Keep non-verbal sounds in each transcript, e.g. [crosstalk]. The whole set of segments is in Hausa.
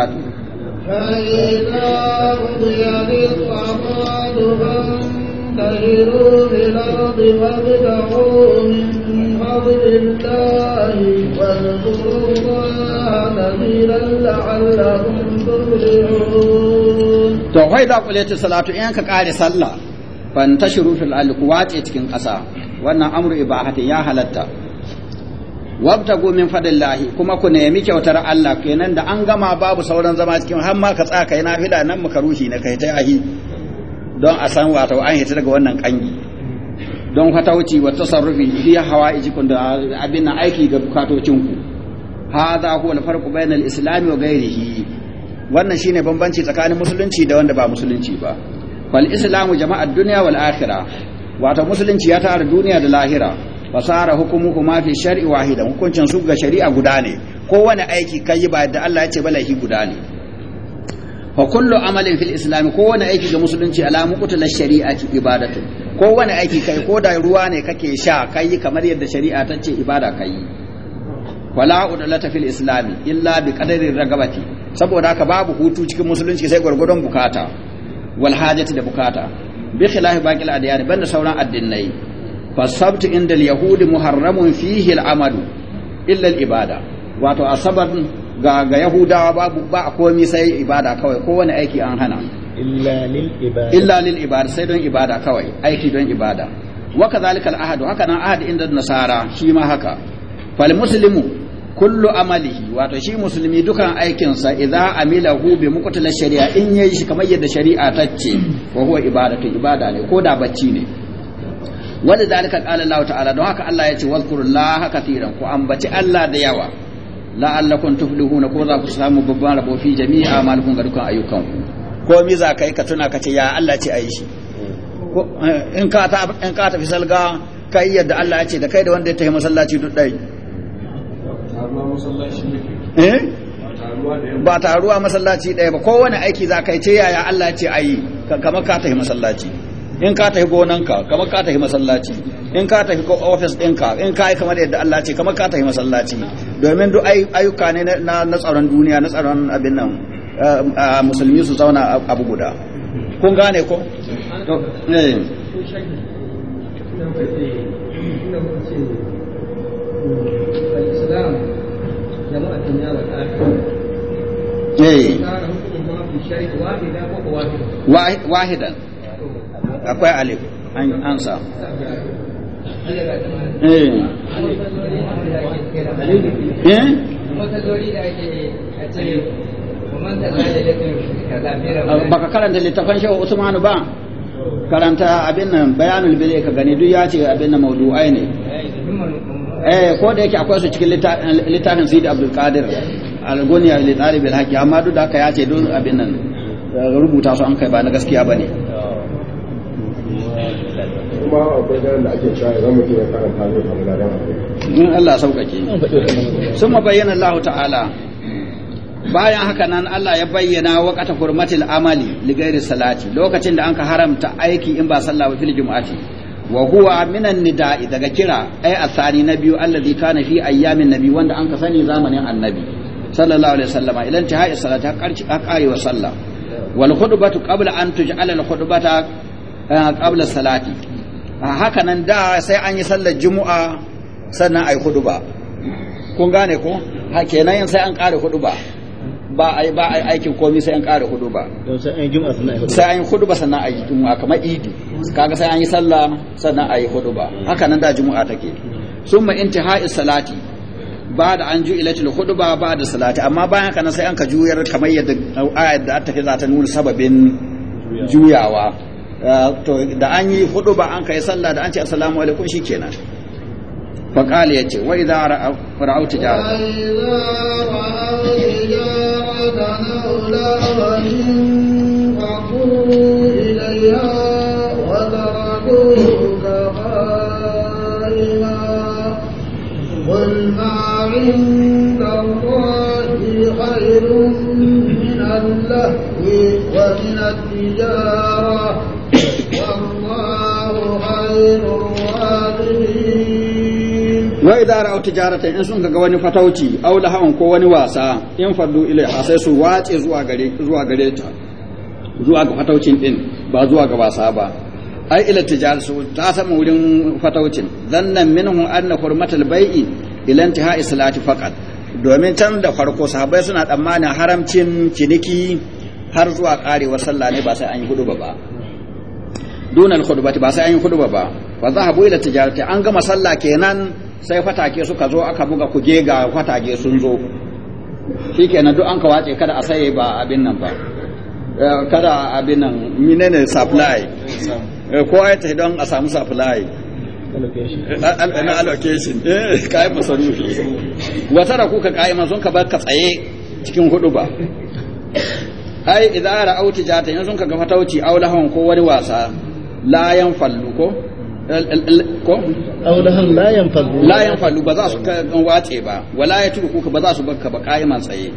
فإذا قضي بالصلاة فانتشروا في الأرض To wai da kuleti salatu in ka kare sallah fantashiru fil ardi ku wace cikin ƙasa wannan amru ibahatin ya halatta wabtagu min fadlillahi kuma ku nemi kyautar Allah kenan da an gama babu sauran zama cikin har ma ka tsaka yana fida nan muka rushe na kai ta ahi don a san wato an hita daga wannan kangi don fatauci wa tasarrufi fi hawaijikum da abin aiki ga bukatocin ku hadha huwa al farq bayna al-islam wa ghayrihi wannan shine bambanci tsakanin musulunci da wanda ba musulunci ba wal islamu jama'ad dunya wal akhirah wato musulunci ya tara duniya da lahira fasara hukumuhuma fi shar'i wahidan hukuncin su ga shari'a guda ne kowane aiki kai ba da Allah ya ce ba laifi guda ne fa kullu amalin fil islam kowane aiki ga musulunci ala muqtala shari'ati ibadatu kowane aiki kai ko da ruwa ne kake sha kai kamar yadda shari'a ta ce ibada kai wala udlata fil islam illa bi qadarin ragabati saboda haka babu hutu cikin musulunci sai gwargwadon bukata wal hajati da bukata bi khilafi baqil adyan banda sauran addinai فالسبت عند اليهود محرم فيه العمل إلا الإبادة wato asabar ga ga yahudawa babu ba komai sai ibada kawai ko wani aiki an hana illa lil ibada illa lil ibada sai don ibada kawai aiki don ibada wa kadhalika al ahad haka nan ahad inda nasara shi ma haka fal muslimu kullu amalihi wato shi musulmi dukan aikinsa idza amilahu bi muqtal shari'a in yayi shi kamar yadda shari'a ta ce wa huwa ibadatu ibada ne ko da bacci ne wani zalika qala Allah ta'ala don haka Allah ya ce wazkurullaha katiran ku ambaci Allah da yawa la'allakum tuflihuna ko za ku samu babban rabo fi jami'a malikun ga dukkan ayyukan ku ko mi za kai ka tuna ka ce ya Allah ce ayi shi eh, in ka ta in ka ta fi salga kai yadda Allah ya ce da kai da wanda ya tafi masallaci duk dai eh? ba taruwa masallaci ɗaya ba kowane aiki za ka yi ce yaya Allah ce ayi kamar ka tafi masallaci in ka tafi gonanka kamar ka tafi masallaci in ka tafi ofis ɗinka in ka yi kamar yadda Allah ce kamar ka tafi masallaci domin duk ayyuka ne na tsaron duniya na tsaron abin nan eh, musulmi su zauna abu guda kun gane ko eh. Eh. wahidan akwai alif an samu eh. eh? eh? baka karanta littafan shehu usmanu ba karanta abin nan bayanul bile ka gani duk ya ce abin nan mawdu'ai ne eh ko da yake akwai su cikin littafin Sayyid Abdul Qadir al-Gunya li Talib al-Haqi amma duk da ka ya ce duk abin nan rubuta su an kai ba na gaskiya bane kuma akwai da ake karanta zai in Allah sauƙaƙe sun bayyana Allah ta'ala bayan haka nan Allah ya bayyana waƙata hurmatil amali li ghairi salati lokacin da an ka haramta aiki in ba sallah ba fil jumu'ati wa huwa minan nida'i daga kira ai asani na biyu allazi kana fi ayyamin nabi wanda an ka sani zamanin annabi sallallahu alaihi wasallam ila intihai salati har karewa sallah wal khutbatu qabla an tuj'ala al khutbata Eh, qabla salati haka nan da sai an yi sallar juma'a sannan ai huduba kun gane ko ha kenan yin sai an kare huduba ba ai ba ai aikin komai sai an kare huduba sai an yi juma'a sannan ai huduba sai an yi huduba sannan ai juma'a kamar idi kaga sai an yi sallah sannan ai huduba haka nan da juma'a take summa intihai salati ba da an ju ilatul huduba ba da salati amma bayan haka nan sai an ka juyar kamar yadda eh, ayat da ta fi za ta nuna sababin juyawa da an yi hudu ba an kai sallah da an ce assalamu alaikum shikenan fa qala yace wa idza ra'au tijara قل خير من ومن التجارة wa الرابحين وإذا رأوا in sun سنك wani fatauci la hawan ko wani wasa in faddu ilaiha sai su wace zuwa gare zuwa gare ta zuwa ga fataucin din ba zuwa ga wasa ba ai ila tijar su ta sama wurin fataucin zannan minhu anna hurmatul bai'i ila intiha islati faqat domin can da farko sahabbai suna tsammanin haramcin ciniki har zuwa karewar sallah ne ba sai an yi hudu ba duna al ba sai an yi khutba ba fa zahabu ila tijarati an gama sallah kenan sai fatake suka zo aka buga kuje ga fatake sun zo shikenan duk an ka wace kada a saye ba abin nan ba eh, kada abin nan menene supply eh, ko ai ta don a samu supply na allocation eh, eh kai masarufi wata da kuka kaima sun ka bar ka tsaye cikin khutba ba ai idza ra'au jata yanzu kaga fatauci aulahon ko wani wasa la fallu ko ko aulahan la yanfallu la fallu ba za su wace ba wala yatruku ba za su bakka ba qa'iman tsaye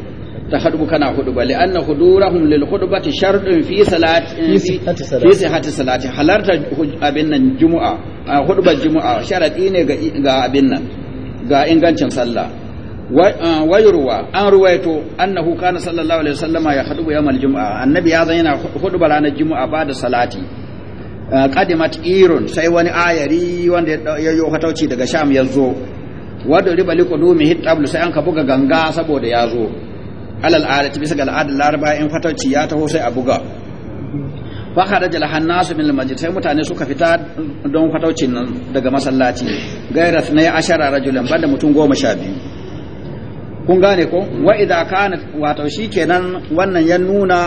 ta hadubu kana hudu ba li anna hudurahum lil khudbati shartun fi salati fi sihhati salati halarta abin nan jumu'a hudbar jumu'a sharadi ne ga abin nan ga ingancin sallah wayurwa an ruwaito annahu kana sallallahu alaihi wasallama ya hadubu yawmal jumu'a annabi ya zan yana hudu ranar jumu'a ba da salati Kadimat eh, irun sai wani ayari wanda ya yi fatauci daga sham ya zo wadda riba hit hitablu sai an ka buga ganga saboda ya zo alal alati bisa ga al'adar laraba in fatauci ya taho sai a buga fa kharaja lahan nasu min sai mutane suka fita don fataucin nan daga masallaci Gairas na ashara rajulan banda mutum goma sha biyu kun gane ko wa idza kana wato shikenan wannan ya nuna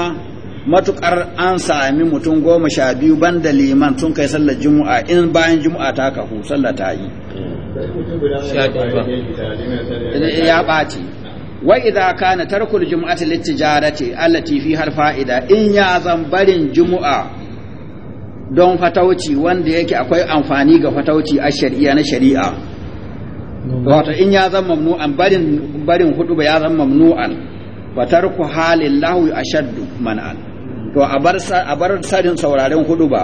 matukar an sami mutum goma sha biyu ban da liman sun kai sallar juma'a in bayan juma'a ta kahu sallar ta yi ya ɓaci wa idza kana tarkul jumu'ati litijarati allati fi har fa'ida in ya zan barin jumu'a don fatauci wanda yake akwai amfani ga fatauci a shari'a na shari'a wato in ya zan mamnu'an barin barin hudu ba ya zan mamnu'an ba tarku halin lahu ashaddu man'an to a bar a bar sarin sauraren hudu ba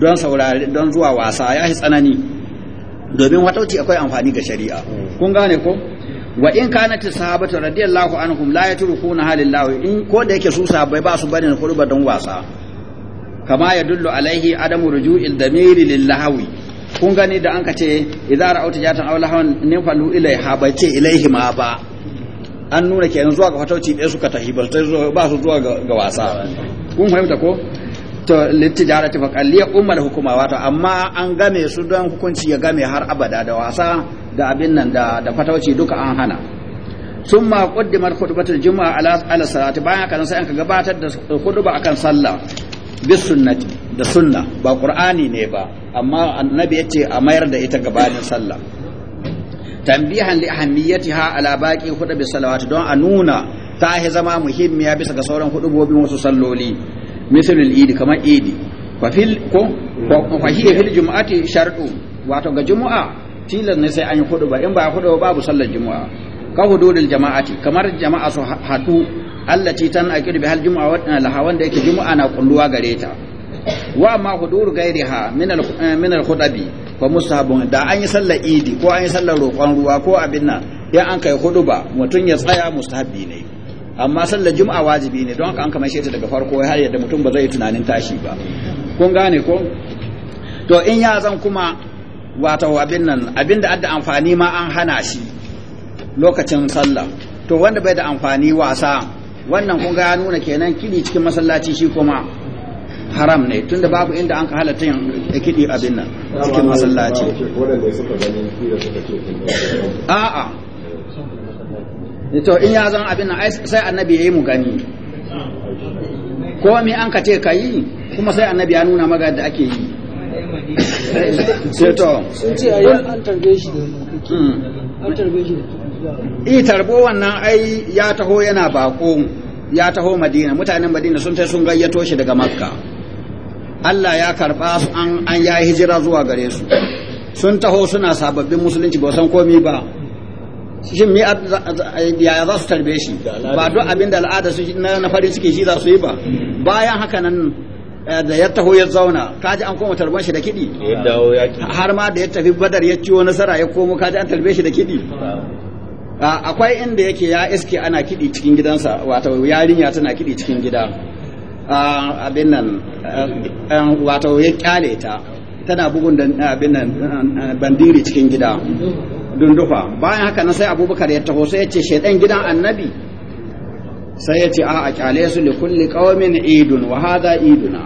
don saurare don zuwa wasa ya yi tsanani domin watauci akwai amfani ga shari'a kun gane ko wa in ta sahabatu radiyallahu anhum la yatrukuna halillahi in ko da yake su sahabbai ba su barin hudu don wasa kama ya dullu alaihi adamu ruju'il damiri lillahawi kun gani da an ka ce idza ra'awta jatan aw lahawan nifalu ilaiha ba ce ilaihi ma ba an nuna kenan zuwa ga fatauci ɗaya suka tafi ba su zuwa ga wasa kun fahimta ko to ta faƙalliya ummar hukuma wato amma an game su don hukunci ya game har abada da wasa da abin nan da fatauci duka an hana ma qaddimat khutbatul juma'a ala ala salati bayan haka sai an ka gabatar da khutba akan sallah bis sunnati da sunna ba ƙur'ani ne ba amma annabi yace a mayar da ita gabanin sallah tambihan li ahammiyatiha ala baqi hudu bi salawat don a nuna ta hi zama muhimmiya bisa ga sauran hudubobin wasu salloli misal al-idi kamar idi fa fil ko fa hiya fil jumu'ati shartu wato ga jumu'a tilas ne sai an yi hudu ba in ba hudu babu sallar jumu'a ka hududul jama'ati kamar jama'a su hadu allati tan aqidu hal jumu'a wa laha wanda yake jumu'a na kulluwa gare ta wa ma hudur gairiha min al min al khutabi fa da an yi sallar idi ko an yi sallar roƙon ruwa ko abin nan ya an kai huduba mutum ya tsaya mustahabi ne amma sallar juma'a wajibi ne don haka an kamar shi daga farko har yadda mutum ba zai tunanin tashi ba kun gane ko to in ya zan kuma wato abin nan abin da adda amfani ma an hana shi lokacin sallah to wanda bai da amfani wasa wannan kun ga ya nuna kenan kili cikin masallaci shi kuma haram ne tunda babu inda an ka halatta yin kiɗi abin nan cikin masallaci a'a to in ya zan abin nan sai annabi ya yi mu gani ko me an ka ce ka yi kuma sai annabi ya nuna maga da ake yi sai to sun ce ayi an tarbe shi da hmm. an tarbe shi da i tarbo wannan ai ya taho yana bako ya taho madina mutanen madina sun tai sun gayyato shi daga makka Allah ya karɓa su an an ya hijira zuwa gare su sun taho suna sababbin musulunci ba san komi ba shin me ya za su tarbe shi ba duk abin da al'ada su na farin ciki shi za su yi ba bayan haka nan eh, da ya taho ya zauna kaji an koma tarban shi da kidi har ma da ya tafi badar ya ciwo nasara ya komo kaji an tarbe shi da kidi ah, akwai inda yake ya iske ana kidi cikin gidansa wato yarinya tana kiɗi cikin gida Ah, abin nan ah, ah, wato ya kyale ta tana bugun da abin nan bandiri cikin gida dundufa bayan haka na sai abubakar ya taho sai ya ce shaidan gidan annabi sai ya ce a a kyale su li kulli qaumin idun wa hadha iduna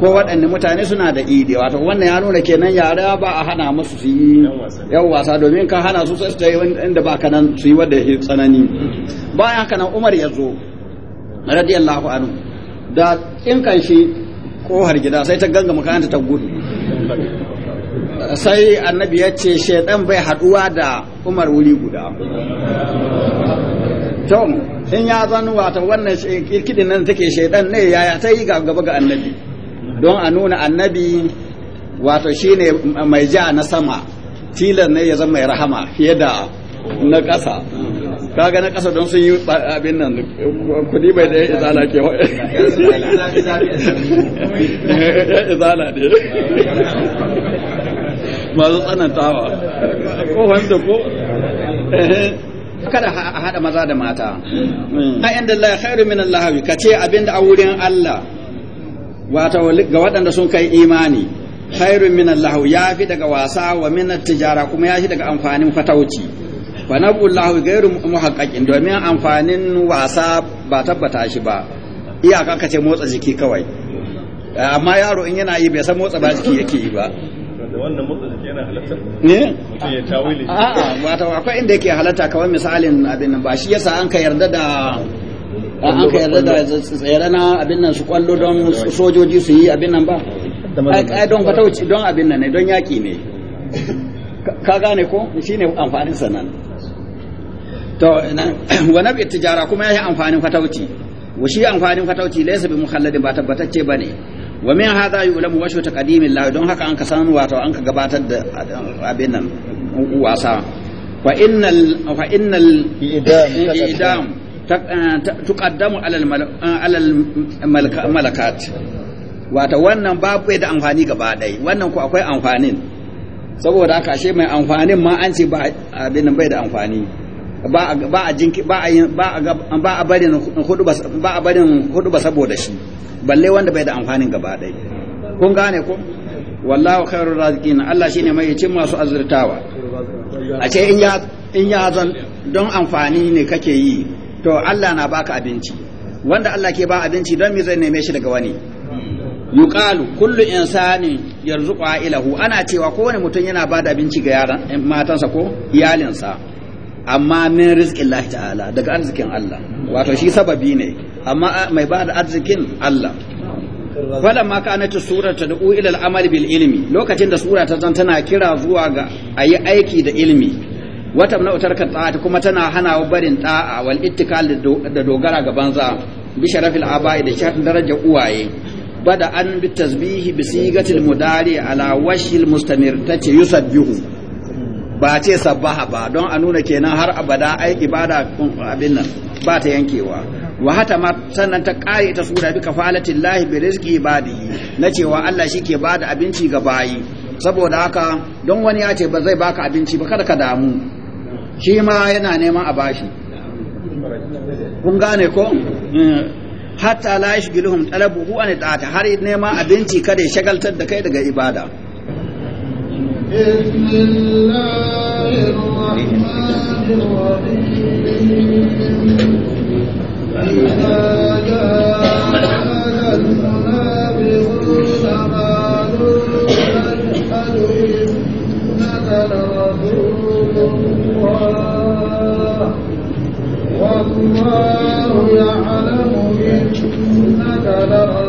ko waɗanne mutane suna da idi wato wannan ya nuna kenan yara ba a hana musu su yi yan wasa domin ka hana su sai su yi inda ba kanan su yi wanda ya tsanani bayan haka nan umar ya zo radiyallahu anhu da tsinkan shi kohar gida sai ta ganga makaranta ta gudu sai annabi ya ce shaidan bai haduwa da umar wuri guda tom in ya zanu wata wannan kirkidin nan take shaidan ne yaya ta yi gaba ga annabi don a nuna annabi wato shine mai ja na sama tilan ne ya zama mai rahama fiye da na ƙasa kaga na kasa don sun yi abin nan kudi bai da izala ke wa izala ne masu tsanantawa ko wanda ko kada a haɗa maza da mata hmm. a inda Allah khairu min Allah ka ce abin da a wurin Allah wata ga waɗanda sun kai imani khairu min Allah ya fi daga wasa wa min tijara kuma ya fi daga amfanin fatauci fa nabul lahu ghairu domin amfanin wasa ba tabbata shi ba iyaka ka ce motsa jiki kawai amma yaro in yana yi bai san motsa ba jiki yake yi ba wannan motsa jiki yana halatta ne a'a wato akwai inda yake halatta kamar misalin abin nan ba shi yasa an ka yarda da an ka yarda da tsere na abin nan su kwallo don sojoji su yi abin nan ba ai don fatauci don abin nan ne don yaki ne ka gane ko shine amfanin nan to [clears throat] wa nabi tijara kuma yayi amfanin fatauci wa shi amfanin fatauci laysa bi mukhalladin ba tabbatacce bane wa min hadha yu'lamu washu taqdimin la don haka an ka san wato an ka gabatar da abin nan wasa fa innal fa innal idam tuqaddamu alal alal malakat wato wannan babu da amfani gaba dai wannan ku akwai amfanin saboda haka ashe mai amfanin ma an ce ba abin nan bai da amfani ba a jinki ba a ba a barin hudu ba ba a barin hudu ba saboda shi balle wanda bai da amfanin gaba ɗaya kun gane ko wallahu khairur raziqin Allah shine mai cin masu azurtawa a ce in ya in ya zan don amfani ne kake yi to Allah na baka abinci wanda Allah ke ba abinci don me zai neme shi daga wani yuqalu kullu insani yarzuqu ilahu ana cewa kowane mutum yana ba da abinci ga yaran matansa ko iyalinsa amma min rizqin Allah ta'ala daga arzikin Allah wato shi sababi ne amma mai ba da arzikin Allah fala ma kana ta sura ta da'u ila al bil ilmi lokacin da sura ta zan tana kira zuwa ga ayi aiki da ilmi wata na utarka ta kuma tana hana barin ta'a wal ittikal da dogara ga banza bi sharafil aba'i da sharafin daraja uwaye bada an bi tasbihi bi sigatil mudari ala washil mustamir tace yusabbihu ba ce sabbaha ba don a nuna kenan har abada ai ibada abin nan ba ta yankewa wa hata ma sannan ta kare ta sura bi kafalatin lahi bi rizqi ibadihi na cewa Allah shike bada abinci ga bayi saboda haka don wani ya ce ba zai baka abinci ba kada ka damu shi ma yana neman a bashi kun gane ko eh. hatta la yashghiluhum huwa ni ta'ata har neman abinci kada ya shagaltar da kai daga ibada بسم الله الرحمن الرحيم إذا جاء المنافقون قالوا نشهد إنك لرسول الله والله يعلم إنك لرسول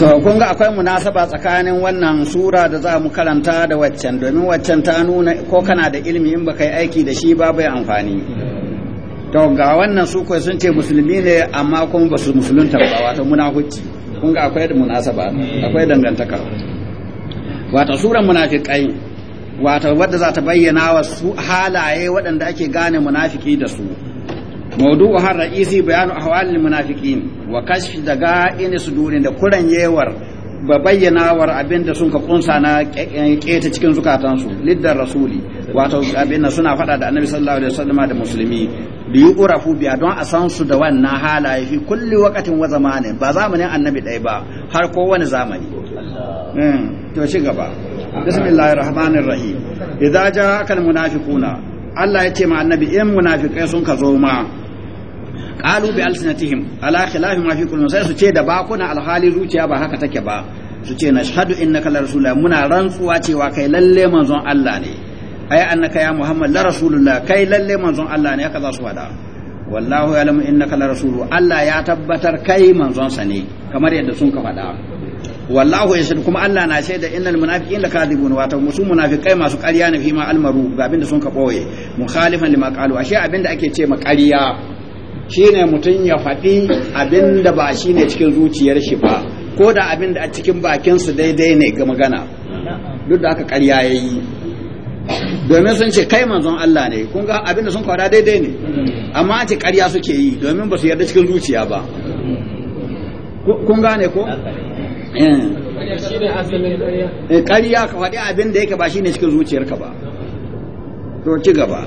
To, kun ga akwai munasaba tsakanin wannan sura da za mu karanta da waccan, domin waccan ta nuna ko kana da ilimi in baka yi aiki da shi ba bai amfani. To, ga wannan su kai sun ce musulmi ne amma kuma ba su musulunta ba, wato munafuci. Kun ga akwai da munasaba, akwai dangantaka. Wato, suran munafiqai wato wadda za ta bayyana wa halaye waɗanda ake gane munafiki da su. موضوعها الرئيسي بيان أحوال المنافقين وكشف دقائن صدور da kuran yewar ba bayyanawar abinda da suka kunsa na keta cikin zukatansu liddar rasuli wato abin da suna faɗa da annabi sallallahu alaihi wasallam da musulmi da yi biya don a san su da wannan halaye fi kulli wakatin wa zamanin ba zamanin annabi ɗaya ba har kowane zamani to gaba bismillahir rahmanir rahim idza Allah ya ce ma annabi in munafikai sun ka zo ma qalu bi alsinatihim ala khilafi ma fi kullu sai su ce da bakuna alhali zuciya ba haka take ba su ce nashhadu innaka la rasulullah muna rantsuwa cewa kai lalle manzon Allah ne ai annaka ya muhammad la rasulullah kai lalle manzon Allah ne haka za su wada wallahu ya'lamu innaka la rasulu Allah ya tabbatar kai manzon sa ne kamar yadda sun ka faɗa wallahu yashhad kuma Allah na shaida innal munafiqina lakadibun wato musu munafikai masu ƙarya ne fi ma almaru ga abinda sun ka boye mukhalifan lima qalu ashe abinda ake ce ma ƙarya shine mutum ya faɗi abin da ba shine cikin zuciyar shi ba ko da abin da a cikin bakinsu daidai ne ga magana duk da aka karya ya yi domin sun ce kai manzon Allah ne kun ga abin da sun kwada daidai ne amma a ce karya suke yi domin ba su yarda cikin zuciya ba kun gane ko eh, ƙarya ka faɗi abin da yake ba shine cikin zuciyarka ba to ci gaba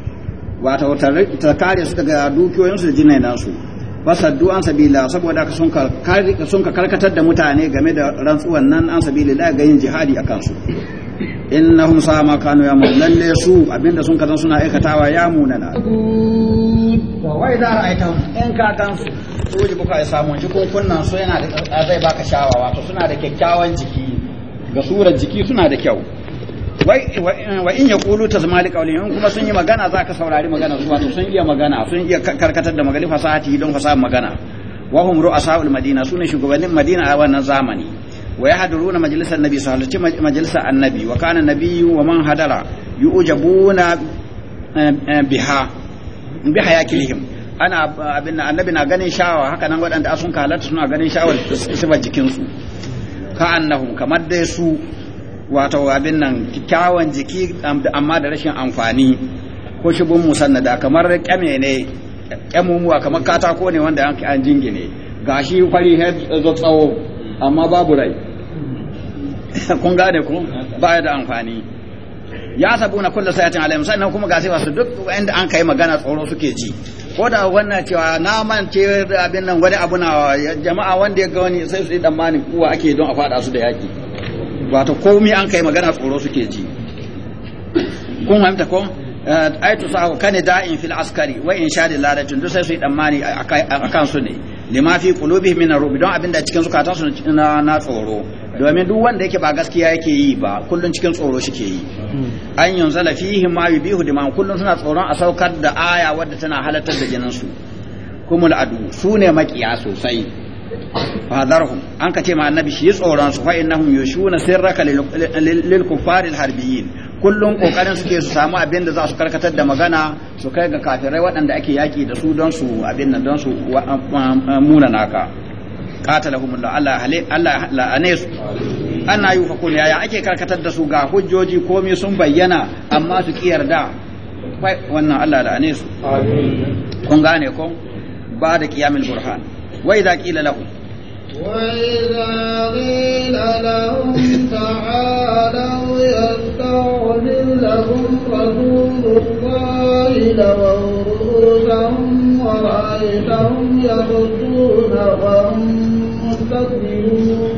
wata ta kare su daga dukiyoyinsu da jinainansu fasaddu an sabila saboda ka sun ka karkatar da mutane game da rantsuwan nan an sabila da ga yin jihadi a kansu innahum sa ma kanu ya mun lalle su abinda sun kazan suna aikatawa ya munana wa wai da ra'aitahum in ka kan su ji buka ya samu jikokin kunnan su yana da zai baka shawawa to suna da kyakkyawan jiki ga surar jiki suna da kyau wa in ta zama qawli in kuma sun yi magana za ka saurari magana su wato sun iya magana sun iya karkatar da magali fasahati don fasaha magana wa hum ru'asaul madina sunan shugabannin madina a wannan zamani wa yahduruna majalisar nabi sallallahu alaihi wasallam majalisar annabi wa kana nabiyyu wa man hadara yu'jabuna eh, eh, biha bi hayakilihim ana abin annabi na ganin shawa haka nan waɗanda sun kalata suna ganin shawar sifar jikinsu ka annahum kamar dai su wato abin nan kyawun jiki amma da rashin amfani ko shubun musannada kamar kyame ne kyamumuwa kamar katako ne wanda an jingine gashi fari zo tsawo amma babu rai [laughs] kun gane ku baya da amfani ya sabu na kullu sayatin alayhim sannan kuma ga sai wasu duk inda an kai magana tsoro suke ji ko da wannan cewa na mance abin nan wani abu na jama'a wanda ya ga wani sai su yi tsammanin kuwa ake don a fada su da yaki wato komai an kai magana tsoro suke ji kun fahimta ko eh, ai to sa kane da'in fil askari wa in sha da tunda sai su yi damani akan su ne lima fi qulubihim min ar don abinda cikin zukatan su na tsoro domin duk wanda yake ba gaskiya yake yi ba kullun cikin tsoro shike yi an yunzala fihi ma yubihu diman kullun suna tsoron a saukar da aya wadda tana halartar da jinin su kumul adu su ne makiya sosai fadarhum an ka ce ma annabi shi tsoron su fa innahum yushuna sirraka lil kuffar al harbiyin kullun kokarin suke su samu abin da za su karkatar da magana su kai ga kafirai waɗanda ake yaki da su don su abin nan don su muna naka qatalahumullah Allah Allah la su ana yufakun yaya ake karkatar da su ga hujjoji komai sun bayyana amma su ki yarda wannan Allah la'ane su kun gane ko ba da qiyamul burhan wa idza qila وإذا قيل لهم تعالوا يستغفر لهم رسول الله لووا رؤوسهم ورأيتهم يصدون وهم مستكبرون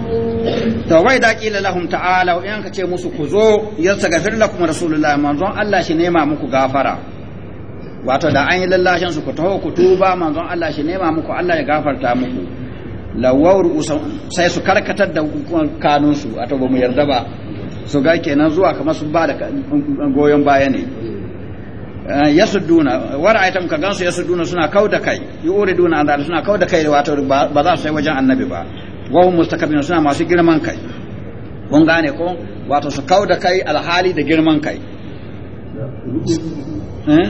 to wai da kila lahum ta'ala in ka ce musu ku zo yarsa yastaghfir lakum rasulullahi manzon Allah shi nema muku gafara wato da an yi lallashin su ku taho ku tuba manzon Allah shi nema muku Allah ya gafarta muku lawawar usan sai su karkatar da kanun su wato ba mu yarda ba su ga kenan zuwa kamar su ba da goyon baya ne eh, yasudduna war aitam ka gansu yasudduna suna kauda kai yuriduna an suna kauda kai wato ba za su sai wajen annabi ba wa hum mustakabirun suna masu girman kai kun gane ko wato su kauda kai alhali da girman kai eh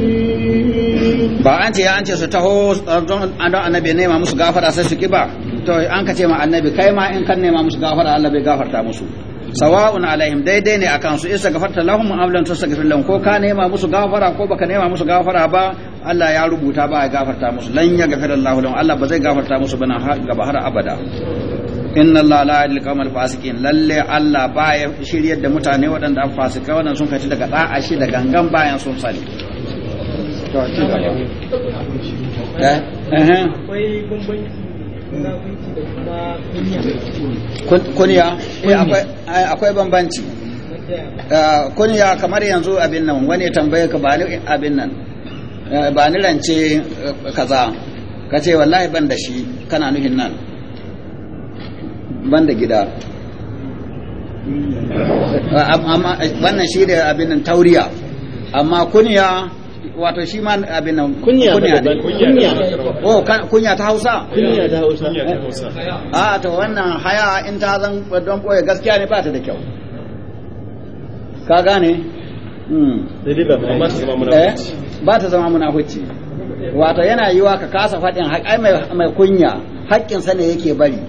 ba an ce ya an ce su taho don annabi nema musu gafara sai su kiba to an ka ce ma annabi kai ma in kan nema musu gafara Allah bai gafarta musu sawa'un alaihim daidai ne akan su isa gafarta lahum am lam tastaghfir lahum ko ka nema musu gafara ko baka nema musu gafara ba Allah ya rubuta ba ya gafarta musu lan ya gafara Allah lahum Allah ba zai gafarta musu bana gaba har abada inna Allah la yadil qawmal fasiqin lalle Allah ba ya shiryar da mutane waɗanda an fasika waɗanda sun kaci daga da'a shi da gangan bayan sun sani to ci gaba eh akwai bambanci eh, kunya akwai kamar yanzu abin nan wani tambaye ka bani abin nan eh, ba ni rance eh, za ka ce wallahi ban da shi kana nuhin nan ban da gida wannan shi da abin nan tauriya amma kunya wato shi ma abin nan kunya kunya Kunya oh kunya ta Hausa kunya ta Hausa a ah, to wannan haya in ta zan don koya gaskiya ne ba ta da kyau ka gane hmm. eh? ba ta zama munafici wato yana yiwa ka kasa faɗin haƙai mai kunya haƙƙinsa ne yake bari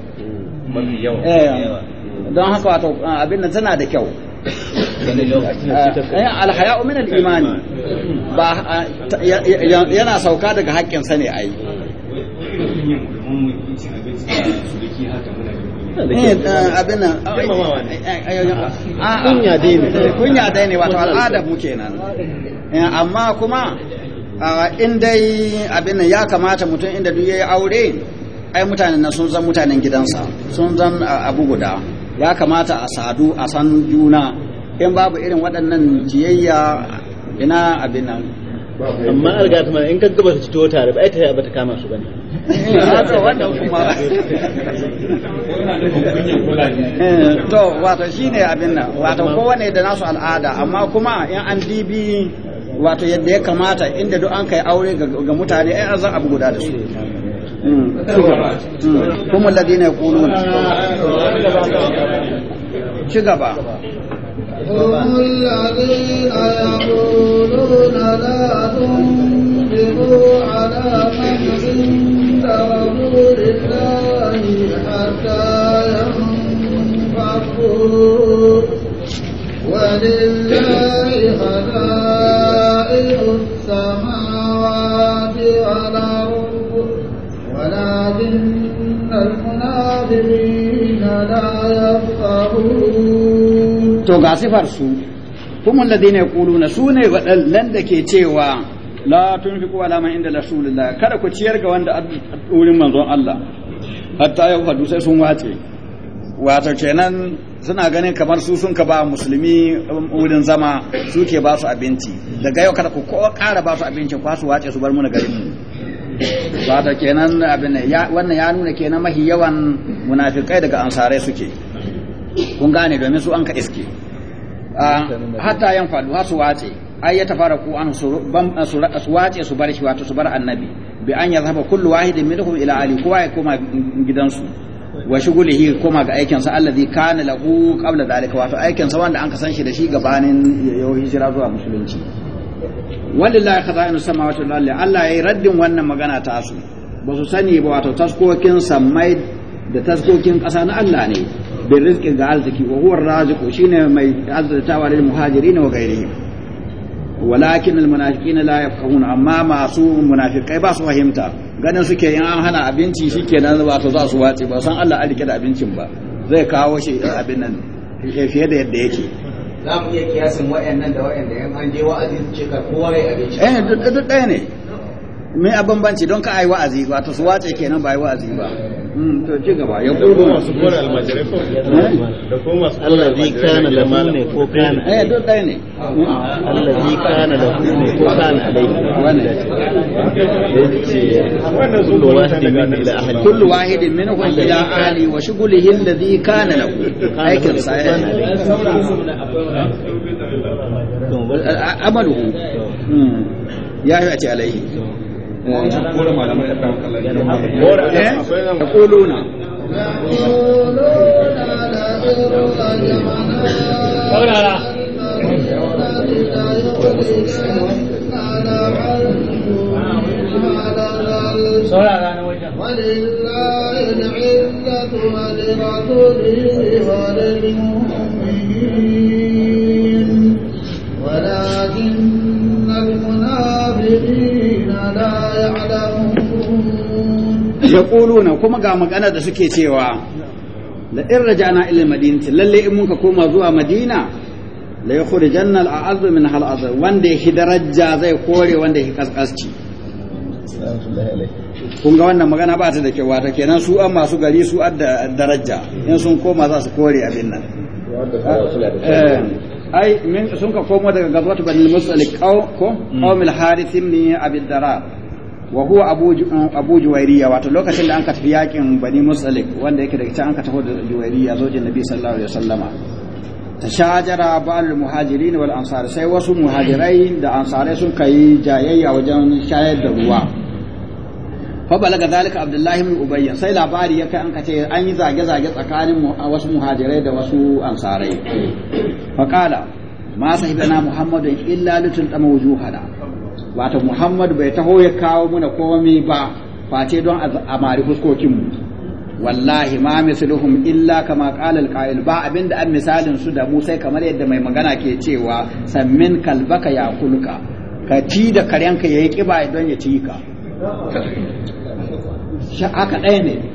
eh, don haka wato abin nan tana da kyau Eh, alhaya'u min al-imani ba yana sauka daga haƙƙin sa ne ai kunya dai ne wato al'adar muke nan eh, amma kuma in dai abin ya kamata mutum inda duk ya yi aure ai mutanen nan sun zan mutanen gidansa sun zan abu guda ya kamata a sadu a san juna in babu irin waɗannan jiyayya ina abin nan amma riga ta in ka gaba cito tare ba ta ba ta kama su bane [laughs] [laughs] to wato shine abin nan wato kowane da nasu al'ada amma kuma in an dibi wato yadda ya kamata inda duk an kai aure ga mutane ai an zan abu guda da su kuma ladina ya kuno ne ci gaba ولله خزائن السماوات والارض to ga sifar su kuma ladina su ne waɗannan da ke cewa la fi ala lamar inda rasulillah kada ku ciyar ga wanda wurin manzon Allah hatta yau hadu sai sun wace wato kenan suna ganin kamar su sun ka ba musulmi wurin zama suke ba su abinci daga yau kada ku ko ƙara ba su abinci kwasu wace su bar muna garin mu wato kenan abin wannan ya nuna kenan mahi yawan munafikai daga ansarai suke kun gane domin su an ka iske ah, hatta yan falu har su wace ai ya tafara an su wace su bar shi wato su bar annabi bi an ya yazhaba kullu wahidin minhum ila ali kowa ya koma gidansu wa shugulihi koma ga aikin sa allazi kana lahu qabla zalika wato aikin sa wanda an ka san shi da shi gabanin yau hijira zuwa musulunci walillahi khaza'inu samawati wal ardi Allah yayi raddin wannan magana ta su ba su sani ba wato taskokin samai da taskokin ƙasa na Allah ne bin rizqi ga arziki wa huwa raziqu shine mai azzatawa lil muhajirin wa ghairihim walakin al munafiqin la yafqahuna amma masu munafiqai ba su fahimta ganin suke in an hana abinci shikenan wato za su wace ba san Allah alike da abincin ba zai kawo shi abin nan fiye da yadda yake za mu iya kiyasin waɗannan da waɗanda yan an je wa'azi su ce ka kowa ya abin eh duk ɗaya ne me a bambanci don ka ai wa'azi wato su wace kenan ba ai wa'azi ba Mm, to ci gaba ya kudu masu kora almajirai ko eh. da ko masu kora almajirai da malamai ko kana eh duk ɗaya ne allazi kana da ku ne ko kana alaihi wannan ce wannan kullu wahidin min ila ahli kullu wahidin min ila ahli wa shughulihi allazi kana lahu aikin sa eh. amaluhu mm. ya yi a ce alaihi يقولون ولله العزة ولرسوله وللمؤمنين ولكن yaquluna kuma ga magana da suke cewa la in raja'na ila madinati lalle in mun koma zuwa madina la yukhrijanna al-a'azzu min hal wanda yake daraja zai kore wanda yake kaskasci kun ga wannan magana ba ta da kyau wata kenan su an masu gari su an da daraja in sun koma za su kore abin nan eh, ai min sun ka komo daga gazwatu banil musalik ko qawmil hmm. harith min abid darar wa huwa um, abu juwairiya wato lokacin da an ka tafi yakin bani musalik wanda yake daga can an ka taho da juwairiya zojin nabi sallallahu alaihi wasallama tashajara ba'al muhajirin wal ansar sai wasu muhajirai da ansarai sun kai jayayya wajen shayar da ruwa fa balaga zalika abdullahi ibn ubayy sai labari ya kai an ce an yi zage zage tsakanin wasu muhajirai da wasu ansarai fa qala ma sahibana muhammadun illa lutun tama wujuhana wato Muhammadu bai taho ya kawo muna komai ba face don a mari fuskokinmu wallahi ma misluhum illa kama qala alqa'il ba abinda an misalin su da mu kamar yadda mai magana ke cewa sammin kalbaka ya kulka ka ci da karenka yayi kiba don ya ci ka ɗaya ne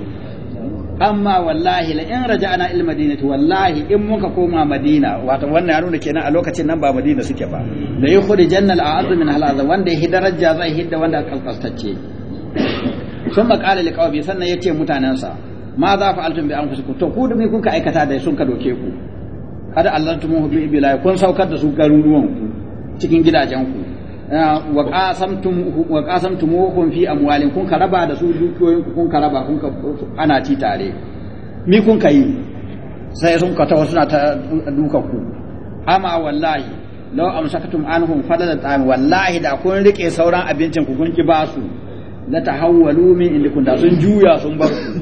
amma wallahi la in raja'ana il madinati wallahi in muka koma madina wato wannan ya nuna kenan a lokacin nan ba madina suke ba la yukhrijanna al a'adhu min al azab wanda ya daraja zai hidda wanda aka kalkastacce sun qala li qawmi sannan yace mutanansa ma za fa'altum bi anfusikum to ku da me kuka aikata da sun ka doke ku kada allantumuhu bi ibla kun saukar da su garuruwan ku cikin gidajen ku Eh, wa qasamtum fi amwalin kun karaba da su dukiyoyin ku kun karaba kun ana ci tare mi kun kai sai sun ka tawo suna ta duka ku amma wallahi law amsakatum anhum fadala ta'am wallahi da kun rike sauran abincin ku kun ki ba su la tahawwalu min indikum da sun juya sun bar ku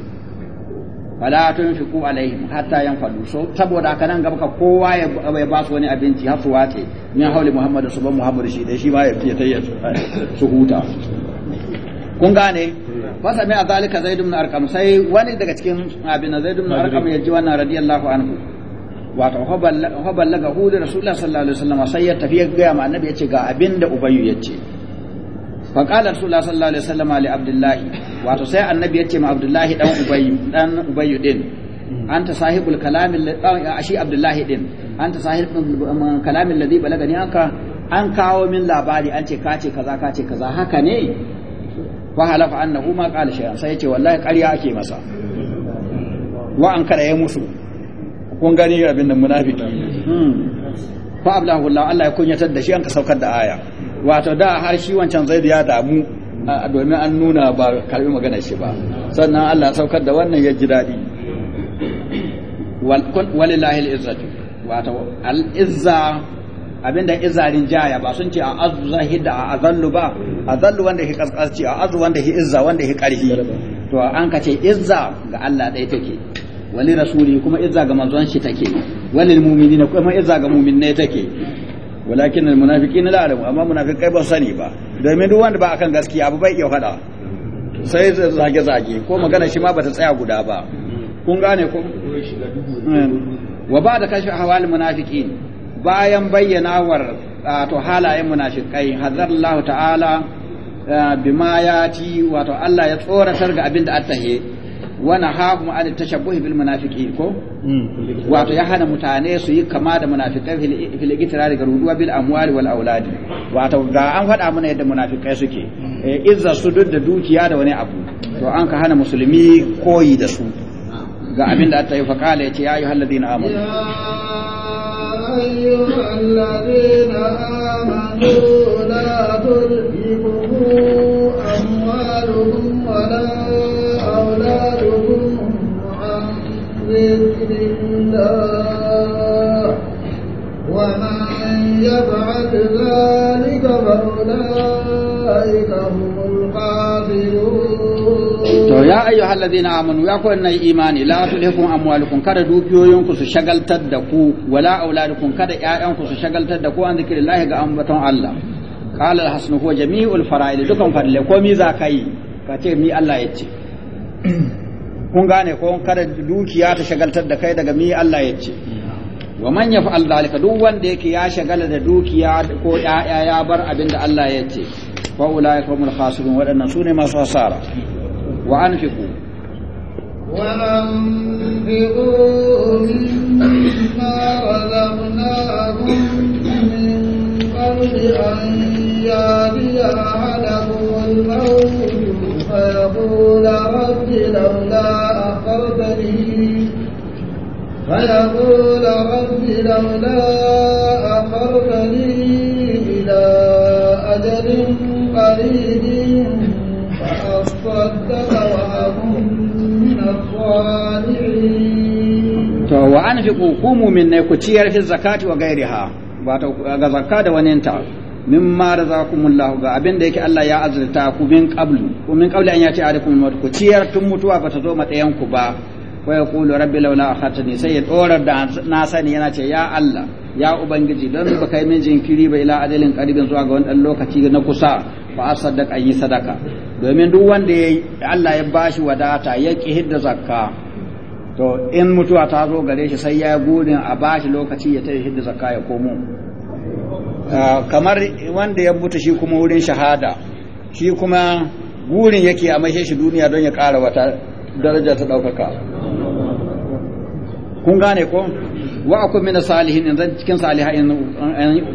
fi tunfiqu alaihim hatta yanfadu so saboda haka nan gaba kowa ya ba su wani abinci har su wace min hauli muhammadu su ban muhammadu shi dai shi ba ya tayya su huta kun gane fasa mai azalika zaid ibn arqam sai wani daga cikin abin zaid ibn arqam ya ji wannan radiyallahu anhu wato haballaga hu da rasulullah sallallahu alaihi wasallam sai ya tafi ya ga annabi ya ce ga abinda ubayyu ya ce fa qala rasulullah sallallahu alaihi wasallam li abdullah wato sai annabi yace ma abdullah dan ubayy dan ubayy din anta sahibul kalamin ashi abdullah din anta sahibul kalamin ladhi balagani anka an kawo min labari an ce ka ce kaza ka ce kaza haka ne fa halafa annahu ma qala shay'an sai yace wallahi ƙarya ake masa wa an kada ya musu kun gani abin da munafiki fa ablahu Allah Allah ya kunyatar da shi an ka saukar da aya wato da har shi wancan zaidu ya damu domin an nuna ba karbi magana shi ba sannan Allah saukar da wannan ya ji daɗi walillahi al-izzatu wato al'izza abinda izarin jaya ba sun ce a azu da a azallu ba a zallu wanda ke kaskasci a azu wanda ke izza wanda ya karfi to an ka ce izza ga Allah ɗaya take wani rasuli kuma izza ga manzon shi take walil mu'minina kuma izza ga mu'minai take walakin almunafiqina la alamu amma munafiqai ba sani ba domin duk wanda ba akan gaskiya abu bai iya fada sai zage zage ko magana shi ma ta tsaya guda ba kun gane ko wa ba da kashi ahwalul munafiqin bayan bayyanawar to halayen munafiqai hazar Allah ta'ala bima yati wato Allah ya tsoratar ga abin da attahe wa nahahum an tashabbuhi bil munafiqi ko mm. wato ya hana mutane su yi kama da munafiqai fil igtirar ga ruduwa bil amwali wal auladi wato ga an faɗa mana yadda munafiqai suke mm. eh, izza su duk da dukiya da wani abu to an ka hana musulmi koyi da su ga abin da ta yi faƙala ya ce ya yi amanu la amonu amwalukum ذكر الله ومن يفعل ذلك فأولئك هم To ya ayyu amanu ya imani la tulhikum amwalukum kada su shagaltar da ku wala auladukum kada ƴaƴanku su shagaltar da ku an zikrillahi ga ambaton Allah jami'ul fara'id dukan farle za ka yi ka ce Allah kun gane ko kada dukiya ta shagaltar da kai daga mi Allah ya ce wa man yaf'al zalika duk wanda yake ya shagala da dukiya ko ya'ya ya bar abin da Allah ya ce fa ulai kumul khasirun wadannan sune masu hasara wa anfiqu wa anfiqu يقول رب لولا أخرتني إلى أجل قريب فأصدق وأكن من To wa an fi ƙuƙumu min ne ku ciyar fi zakati wa gairi ha ga zakka da waninta ku razaqakumullah ga abin da yake Allah ya azurta ku min kablu ku min kablu an yati adakum ku ciyar tun mutuwa ba ta zo matsayanku ku ba ya kulu rabbi laula ne sai ya tsorar da na sani yana ce ya Allah ya ubangiji don ba kai min jinkiri ba ila adalin qaribin zuwa ga wani dan lokaci na kusa a sadaka yi sadaka domin duk wanda ya Allah ya bashi wadata ya ki hidda zakka to in mutuwa ta zo gare shi sai ya gurin a bashi lokaci ya yi hidda zakka ya komo ah, kamar wanda ya buta shi kuma wurin shahada shi kuma gurin yake a mashe shi duniya don ya kara wata daraja ta ɗaukaka kun gane ko wa aku min salihin in zan cikin salihai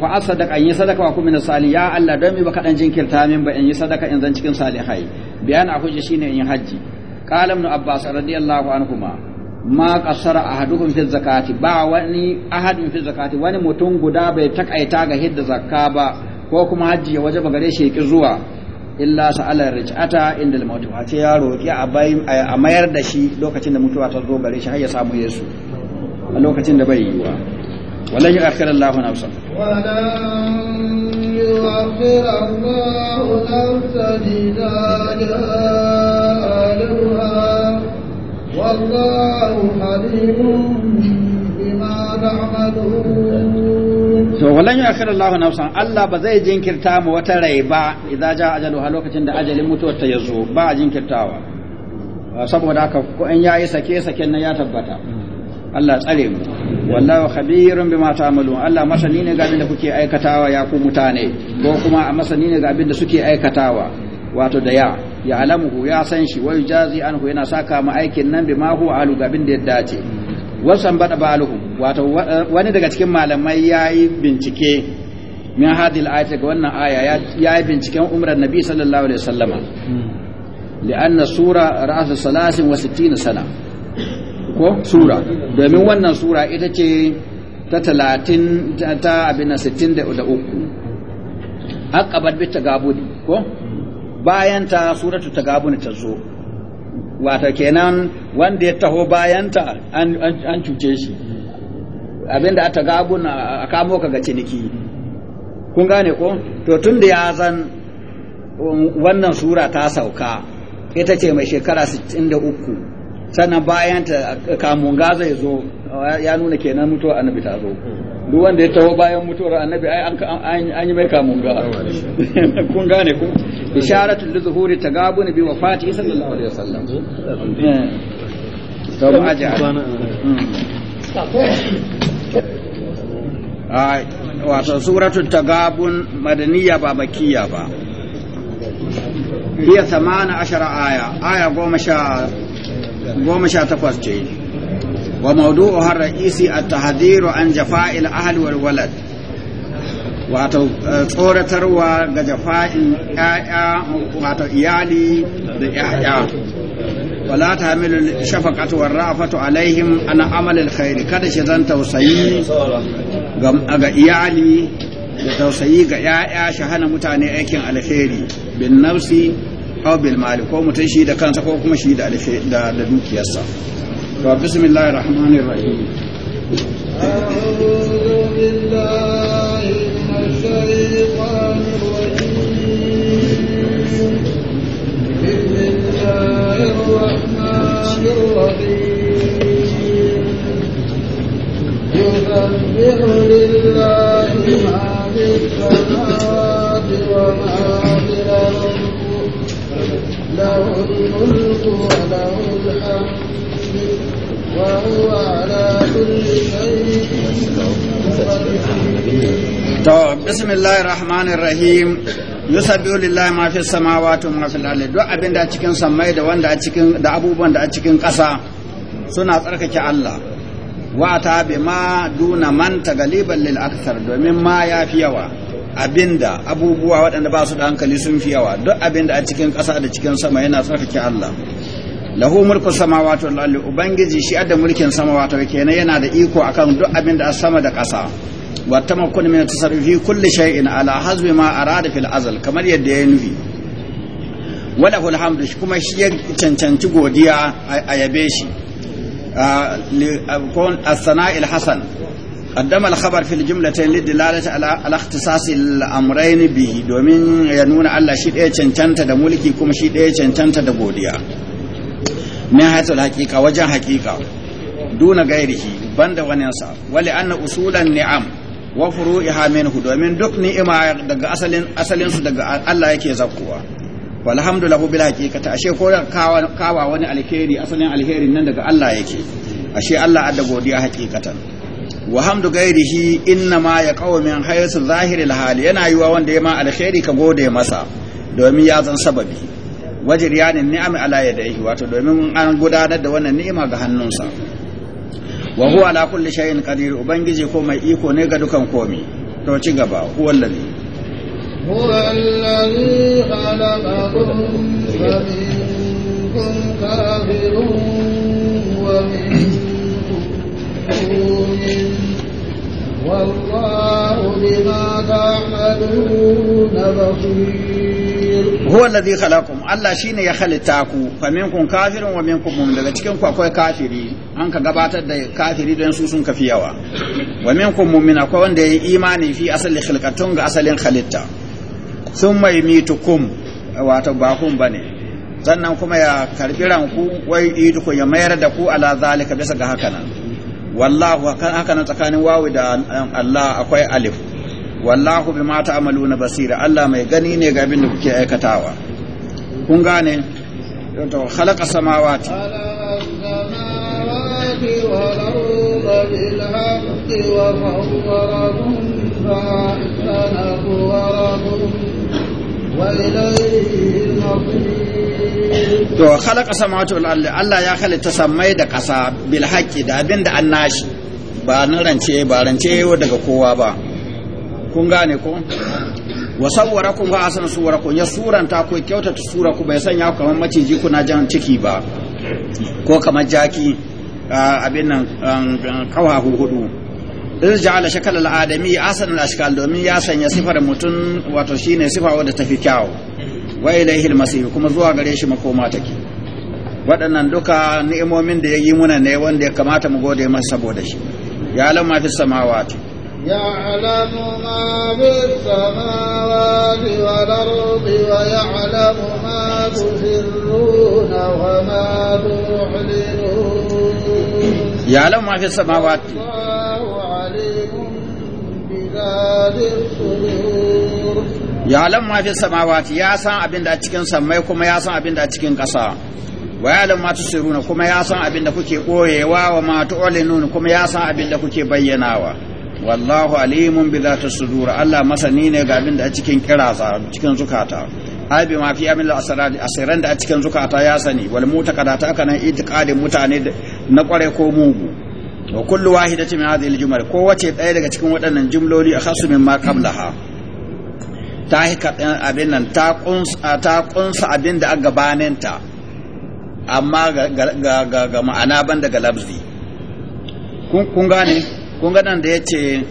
fa asadaka in yi sadaka wa aku min salihin ya Allah don mi baka dan jinkirta min ba in yi sadaka in zan cikin salihai bayan aku ji shine in yi haji qala ibn abbas radiyallahu anhuma ma qasara ahadukum fi zakati ba wani ahadun fi zakati wani mutum guda bai takaita ga hidda zakka ba ko kuma haji ya wajaba gare shi ki zuwa illa sa'ala rij'ata inda al-maut ya roki a mayar da shi lokacin da mutuwa ta zo gare shi har ya samu yesu a lokacin da bai yiwa walan yi akhirar Allah nafsa to walan yi akhirar na nafsa Allah ba zai jinkirta mu wata rai ba idza ja a lokacin da ajalin mutuwar ta yazo ba a jinkirtawa saboda haka ko in yayi sake saken nan ya tabbata Allah tsare mu wallahu khabirun bima ta'malun Allah masani ne ga abinda kuke aikatawa ya ku mutane ko kuma a masani ne ga abinda suke aikatawa wato da ya ya alamu ya san shi wa yujazi anhu yana saka mu aikin nan bima hu alu ga abinda da ya dace wasan bada baluhu wato eh, wani daga cikin malamai yayi bincike min hadil ayati ga wannan aya yayi binciken umrar nabi sallallahu alaihi wasallama hmm. li anna sura ra'asa salasin wa sittina sana ko sura domin wannan sura ita ce ta talatin ta abin sittin da uku akabar bi tagabuni ko bayan ta suratu tagabuni ta zo wata kenan wanda ya taho bayan ta an cuce shi abinda a tagabun a kamo ka ga ciniki kun gane ko to tun da ya zan um, wannan sura ta sauka ita ce mai shekara 63 sannan bayan ta kamun gaza ya zo ya nuna kenan mutuwar annabi ta zo duk wanda ya taho bayan mutuwar annabi ai an yi mai kamun ga [laughs] kun gane ku isharatu li zuhuri tagabun bi wafati sallallahu alaihi wasallam to ba aja ai wato suratul tagabun madaniya ba makiya ba hiya 18 aya aya sha. goma sha takwas ce wa maudu'u har ra'isi a tahadiru an jafa'il ahalwar walad wato eh, tsoratarwa ga jafa'in yaya wato iyali da yaya wala ta hamilu shafaqatu war ra'afatu alaihim ana amalil khairi kada shi zan tausayi ga iyali da tausayi ga yaya shi mutane aikin alheri bin nafsi أو بالمال فهو متشهد كان تقوى كما على شيء دا لدوك يسا فبسم الله الرحمن الرحيم أعوذ بالله من الشيطان الرحيم بسم الله الرحمن الرحيم يدبر لله له الملك وله الحمد وهو على كل شيء To, bismillahir rahmanir rahim yusabbihu lillahi ma fi samawati wa ma fil ardi duk abin da cikin samai da wanda a cikin da abubuwan da a cikin ƙasa suna tsarkake Allah wa ta bi ma duna man tagaliban lil akthar domin ma yafi yawa abinda abubuwa waɗanda ba su da hankali sun fi yawa duk abinda a cikin ƙasa da cikin sama yana tsarkake Allah lahu mulku samawati wal ardi ubangiji shi adda mulkin sama wato kenan yana da iko akan duk abinda a sama da ƙasa wa tamakkun min tasarrufi kulli shay'in ala hazmi ma arada fil azal kamar yadda ya nufi wala hul hamdu kuma shi ya cancanci godiya a yabe shi kon sanail hasan قدم الخبر في الجملة للدلالة على اختصاص الأمرين به دومين ينون على شيء إيه تنتنت دا ملكي كم شيء إيه تنتنت دا بوديا نهاية الحقيقة وجه حقيقة دون غيره بند وننسى ولأن أصول النعم وفروعها منه دومين دك نعمة دا أصل أصل دا الله يكي زقوا والحمد لله بالحقيقة أشياء كورا كاوا كاوا وني الكيري أصل الهيري نندق الله يكي أشياء الله أدى بوديا حقيقة wa hamdu gairihi inna ma ya kawo min haisu zahiri hali yana yiwa wanda ya ma alkhairi ka gode masa domin ya zan sababi wajen yanin ni'am ala yi wato domin an gudanar da wannan ni'ima ga hannunsa wa huwa ala kulli shay'in qadir ubangiji ko mai iko ne ga dukan komi to ci gaba huwa allazi huwa allazi khalaqakum fa minkum kafirun wa minkum mu'min والله بما تعملون بصير هو الذي خلقكم الله شين يا فمنكم كافر ومنكم مؤمن daga cikin ku akwai kafiri an ka gabatar da kafiri don su sun kafi yawa wa minkum mu'min akwai wanda ya imani fi asali khilqatun ga asalin khalitta sun mai wato ba kun bane sannan kuma ya karbi ku wai ku ya mayar da ku ala zalika bisa ga haka nan wallahu haka nan tsakanin wawu da um, Allah akwai alif wallahu bima ta'maluna basira Allah mai gani ne ga abin da kuke aikatawa kun gane to khalaqa samawati فأحسن to khalaqa samawati wal ardi Allah ya halitta samai da kasa bil haqqi da abin da annashi ba nan rance ba rance daga kowa ba kun gane ko wa sawwarakum fa asana suwarakum ya suranta ko kyautata sura ku bai sanya ku kamar maciji kuna jan ciki ba ko kamar jaki ah, abin nan um, um, kawahu hudu iz ja'ala shakal al-adami asan al-ashkal domin ya sanya sifar mutum wato shine sifa wadda tafi kyawu wa ilaihi al-masir kuma zuwa gare shi makoma take waɗannan duka ni'imomin da ya yi muna ne wanda ya kamata mu gode masa saboda shi ya lamma fi samawati يعلم ما wa السماوات والأرض ويعلم ما تسرون وما تعلنون يعلم ما fi samawati الصدور ya lam ma fi samawati ya san abin da cikin sammai kuma ya san abin da cikin ƙasa wa ya lam ma tusiruna kuma ya san abin da kuke koyewa wa ma tu'linun kuma ya san abin da kuke bayyanawa wallahu alimun bi zati sudur Allah masani ne ga abin da a cikin sa cikin zukata ai bi ma fi amil asrar asiran da cikin zukata ya sani wal mutaqadata kana itiqadin mutane na kware ko mugu wa kullu wahidatin min hadhihi al-jumal ko wace daya daga cikin waɗannan jumloli akhasu ma qablaha ta hika abin nan ta kunsa ta kunsa abin da aka gabaninta amma ga ga ma'ana ban daga lafzi kun kun gane kun ga nan da yace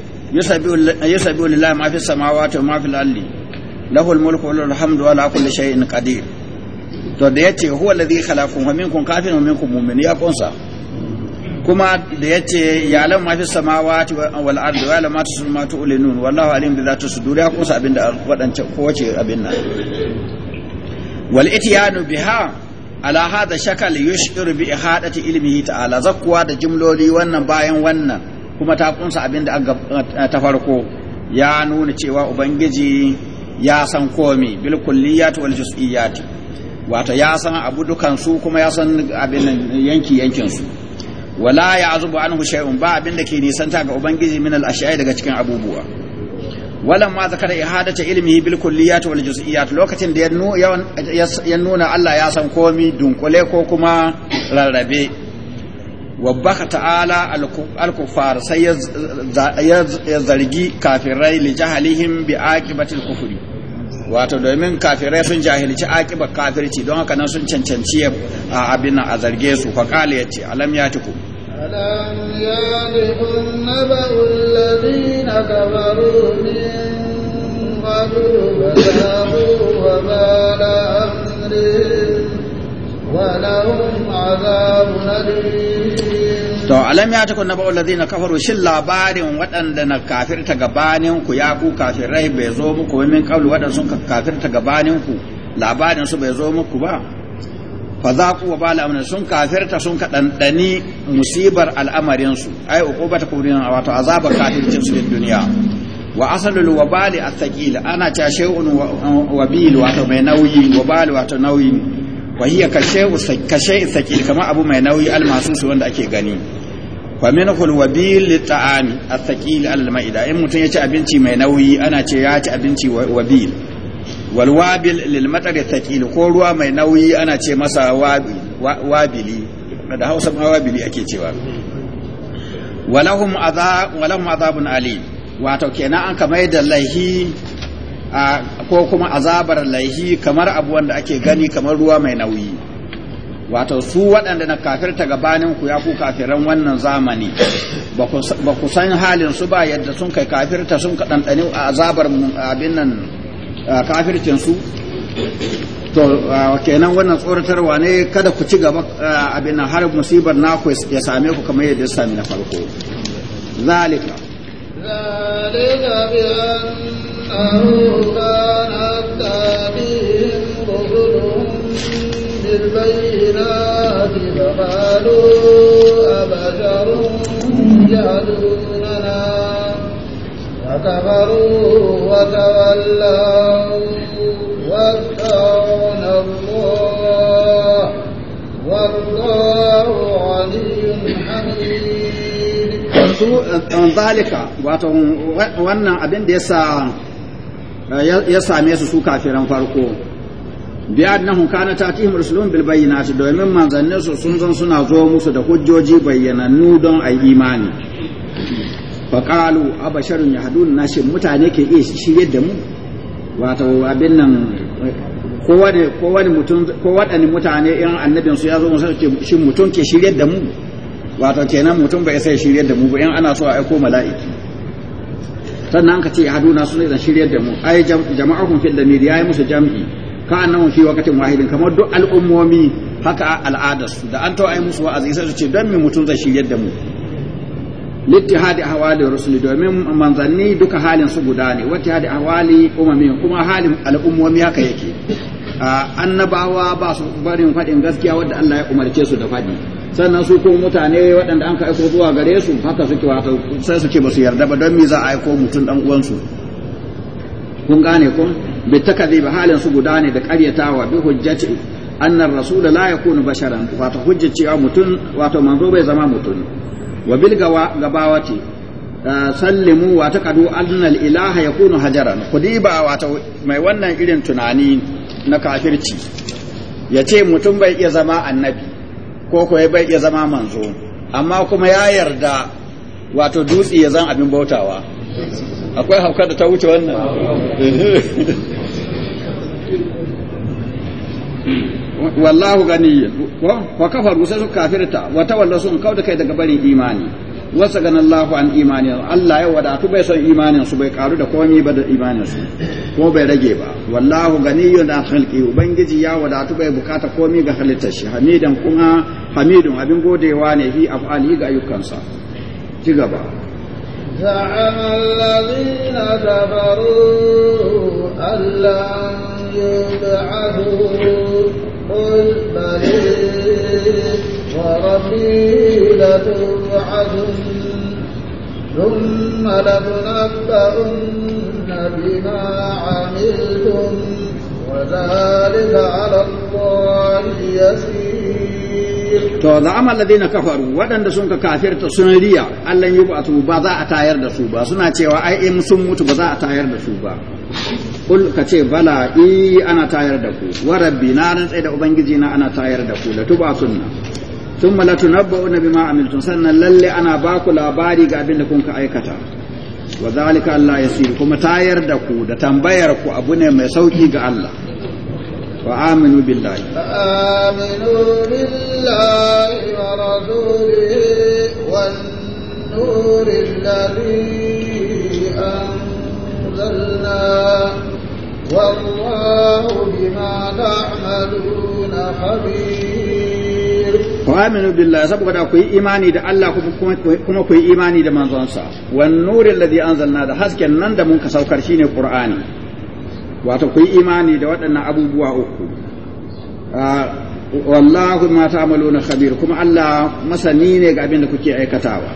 yusabbihu lillahi ma fi samawati wa ma fil ardi lahu al-mulku wa lahu al-hamdu wa ala kulli shay'in qadir to da yace huwa alladhi khalaqakum wa minkum kafirun wa minkum mu'min ya kunsa kuma da yace ya lam ma fi samawati wal ardi wa lam ma tusma tu'linun wallahu alim bi zati sudur ya kusa abinda wadance kowace abin nan wal ityanu biha ala hada shakal yushir bi ihadati ilmihi ta'ala Zakuwa da jumloli wannan bayan wannan kuma ta kunsa abinda ta farko ya nuna cewa ubangiji ya san komi bil kulliyati wal wato ya san abu dukan su kuma ya san abin yanki yankin su wala ya azubu anhu shay'un ba abin da ke nisan ta ga ubangiji min al daga cikin abubuwa walan ma zakara ihadata ilmihi bil kulliyat wal juz'iyat lokacin da ya nuna Allah ya san komi dunkule ko kuma rarrabe wabaka ta'ala al kufar sai ya zargi kafirai li jahalihim bi aqibati al kufri wato domin kafirai sun jahilci akibar kafirci don haka nan sun cancanci a abin a zarge su fa kale ya ce alam ya tuku alam ya tukum naba'ul ladina kafaru min qablu wa bala amrihim wa lahum azabun alim to alam ya takun naba'u allazina kafaru shin labarin waɗanda na kafirta gabanin ku ya ku kafirai bai zo muku min qawli waɗanda sun kafirta gabanin ku labarin su bai zo muku ba fa za ku bala amna sun kafirta sun kaɗanɗani musibar al'amarin su ai uqubata kubrin wato azabar kafircin su duniya wa asalul wabali athqil ana ta shay'un wabil wato mai nauyi wabali wato nauyi wa hiya ka shay'u sakil kama kamar abu mai nauyi su wanda ake gani wa min wabil a athqil al ma'ida in mutun ci abinci mai nauyi ana ce ya ci abinci wabil wal wabil lil matar athqil ko ruwa mai nauyi ana ce masa wabili da Hausa ma wabili ake cewa walahum adha walahum adhabun wa wato kenan an kamar da laihi ko kuma azabar laihi kamar abu wanda ake gani kamar ruwa mai nauyi wato su waɗanda na kafirta gabanin ku ya ku kafiran wannan zamani ba ku san halin su ba yadda sun kai kafirta sun ka ɗanɗani a azabar abin nan kafircin su to kenan wannan tsoratarwa ne kada ku ci gaba abin nan har musibar naku ya same ku kamar yadda ya sami na farko zalika zalika bi annahu kana بالبينات فقالوا أبشر يهدوننا فكفروا وتولوا واستغنى الله والله علي حميد ذلك واتهم وانا ابن da ya same su su kafiran farko bi annahum kana tatihim rusulun bil bayyinati domin manzannin su sun zan suna zo musu da hujjoji bayyanannu don yi imani fa qalu abasharun yahdun nashin mutane ke iya shirye da mu wato abin nan kowane kowane mutum ko waɗanne mutane in annabin su ya zo musu ce shi mutum ke shirye da mu wato kenan mutum bai sai shirye da mu ba in ana so a aiko mala'iki sannan ka ce haduna sun zan shirye da mu ai kun fil damir yayi musu jam'i ka'annahu fi wakatin wahidin kamar duk al'ummomi haka al'adarsu da an tawaye musu wa'azi sai su ce don me mutum zai shiryar da mu littihadi ahwali rusuli domin manzanni duka halin su guda ne hadi ahwali umami kuma halin al'ummomi haka yake annabawa ba su barin faɗin gaskiya wadda Allah ya umarce su da faɗi sannan su ko mutane waɗanda an ka aiko zuwa gare su haka suke wato sai su ce ba su yarda ba don me za a aiko mutum dan uwansu kun gane ko بالتكذيب halin su guda ne da karyatawa bi hujjati anna ar-rasul la yakunu basharan wato hujjaci mutun wato manzo bai zama mutun wa bil gabawati sallimu wa taqadu anna al-ilaha hajaran mai wannan irin tunani na kafirci yace mutum bai iya zama annabi ko kuwa bai iya zama manzo amma kuma ya yarda wato dutse ya zan abin bautawa akwai haukar da ta wuce wannan wallahu ganiyya wa kafaru sai suka kafirta wa tawalla sun kauda kai daga barin imani wasa ganin Allahu an imani Allah ya wadatu bai son imanin su bai karu da komai ba da imanin su ko bai rage ba wallahu ganiyun da khalqi ubangiji ya wadatu bai bukata komai ga halittar shi hamidan kuma hamidun abin godewa ne fi af'ali ga ayyukansa ci gaba زعم الذين كفروا أن لن يبعثوا عليم وربي لتوعدن ثم لتنبؤن بما عملتم وذلك على الله يسير to za'ama alladhina kafaru waɗanda sun ka kafirta sun riya Allah yi ba ba za a tayar da su ba suna cewa ai in sun mutu ba za a tayar da su ba kul ka ce bala i ana tayar da ku wa rabbi na tsaye da ubangiji na ana tayar da ku la tuba sunna thumma la nabi ma amiltum sannan lalle ana ba ku labari ga abin da kun ka aikata wa zalika Allah yasir kuma tayar da ku da tambayar ku abu ne mai sauki ga Allah wa aminu billahi aminu billahi wa rasulihi wan nuril ladhi anzalna wa aminu billahi sabuka kuyi imani da Allah kuma kuyi imani da manzon sa wan nuril ladhi anzalna da hasken nan da mun ka saukar shine qur'ani wato kuyi imani da wadannan abubuwa uku ah wallahu ma ta'maluna khabir kuma Allah masani ne ga abin da kuke aikatawa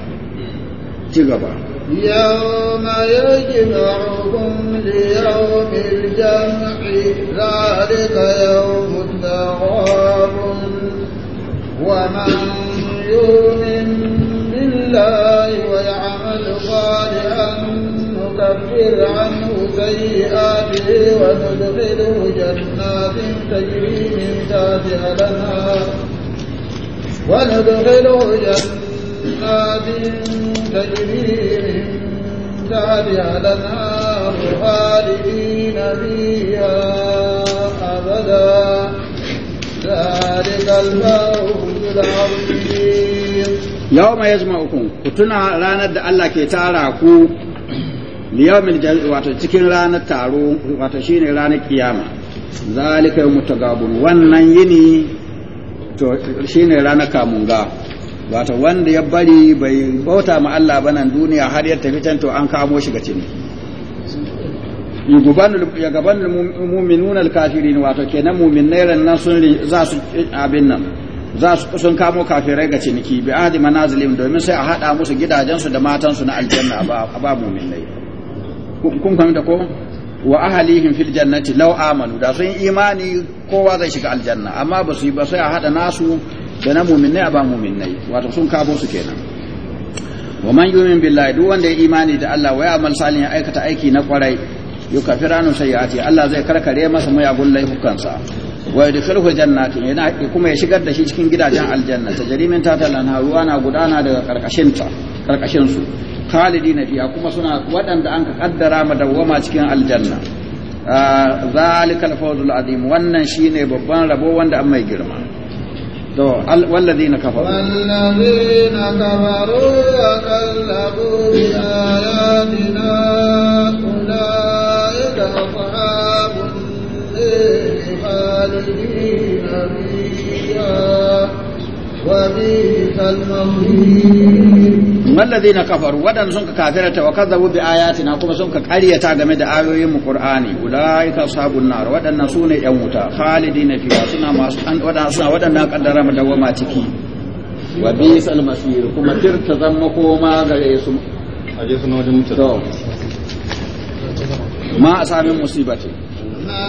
ci gaba يوم يجمعهم ليوم الجمع ذلك يوم التغابن ومن يؤمن بالله ويعمل صالحا نكفر عنه سيئاته وندخله جنات تجري من تحتها الانهار وندخله جنات بسكاب تجري من تحتها الأنهار خالدين فيها ذلك الفوز العظيم يوم يجمعكم رانا da Allah ke tara ku liyawmin wato cikin ranar taro wato shine ranar kiyama zalika mutagabun wannan yini to shine ranar kamunga wato wanda ya bari bai bauta ma Allah ba nan duniya har ya tafi can to an kamo shi ga cini ya gaban mu'minuna al-kafirin wato kenan mu'minai nan sun za su abin nan za su sun kamo kafirai ga ciniki bi ahdi manazilim domin sai a hada musu gidajensu da matansu na aljanna ba ba mu'minai kun fahimta ko wa ahlihim fil jannati law amanu da sun imani kowa zai shiga aljanna amma ba su yi ba sai a hada nasu da na mu'minnai a ba mu'minnai wato sun kabo su kenan wa man yu'min billahi duk wanda ya imani da Allah wa amal salihin aikata aiki na kwarai yukafiranu sayyi'ati Allah zai karkare masa mayagun laifukansa wa yadkhuluhu jannati yana kuma ya shigar da shi cikin gidajen aljanna tajrimin tata tatalan ruwa na gudana daga karkashin ta karkashin su khalidina fiha kuma suna waɗanda an ka kaddara madawwama cikin aljanna ah, zalikal fawzul azim wannan shine babban rabo wanda an mai girma to walladina kafaru walladina kafaru wa kallabu bi ayatina ulaika ashabun khalidina fiha وبئس المصير والذين wa ودن سنك كافرة وكذبوا بآياتنا كما سنك قرية game da ayoyin mu Qur'ani ulaika ashabun nar wadannan sune yan wuta khalidin fiha suna masu an wadannan suna wadannan kaddara madawama ciki wa bisal masir kuma tirta zamma koma gare su aje suna wajen mutum ma asamin musibati Na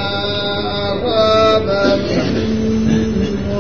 min.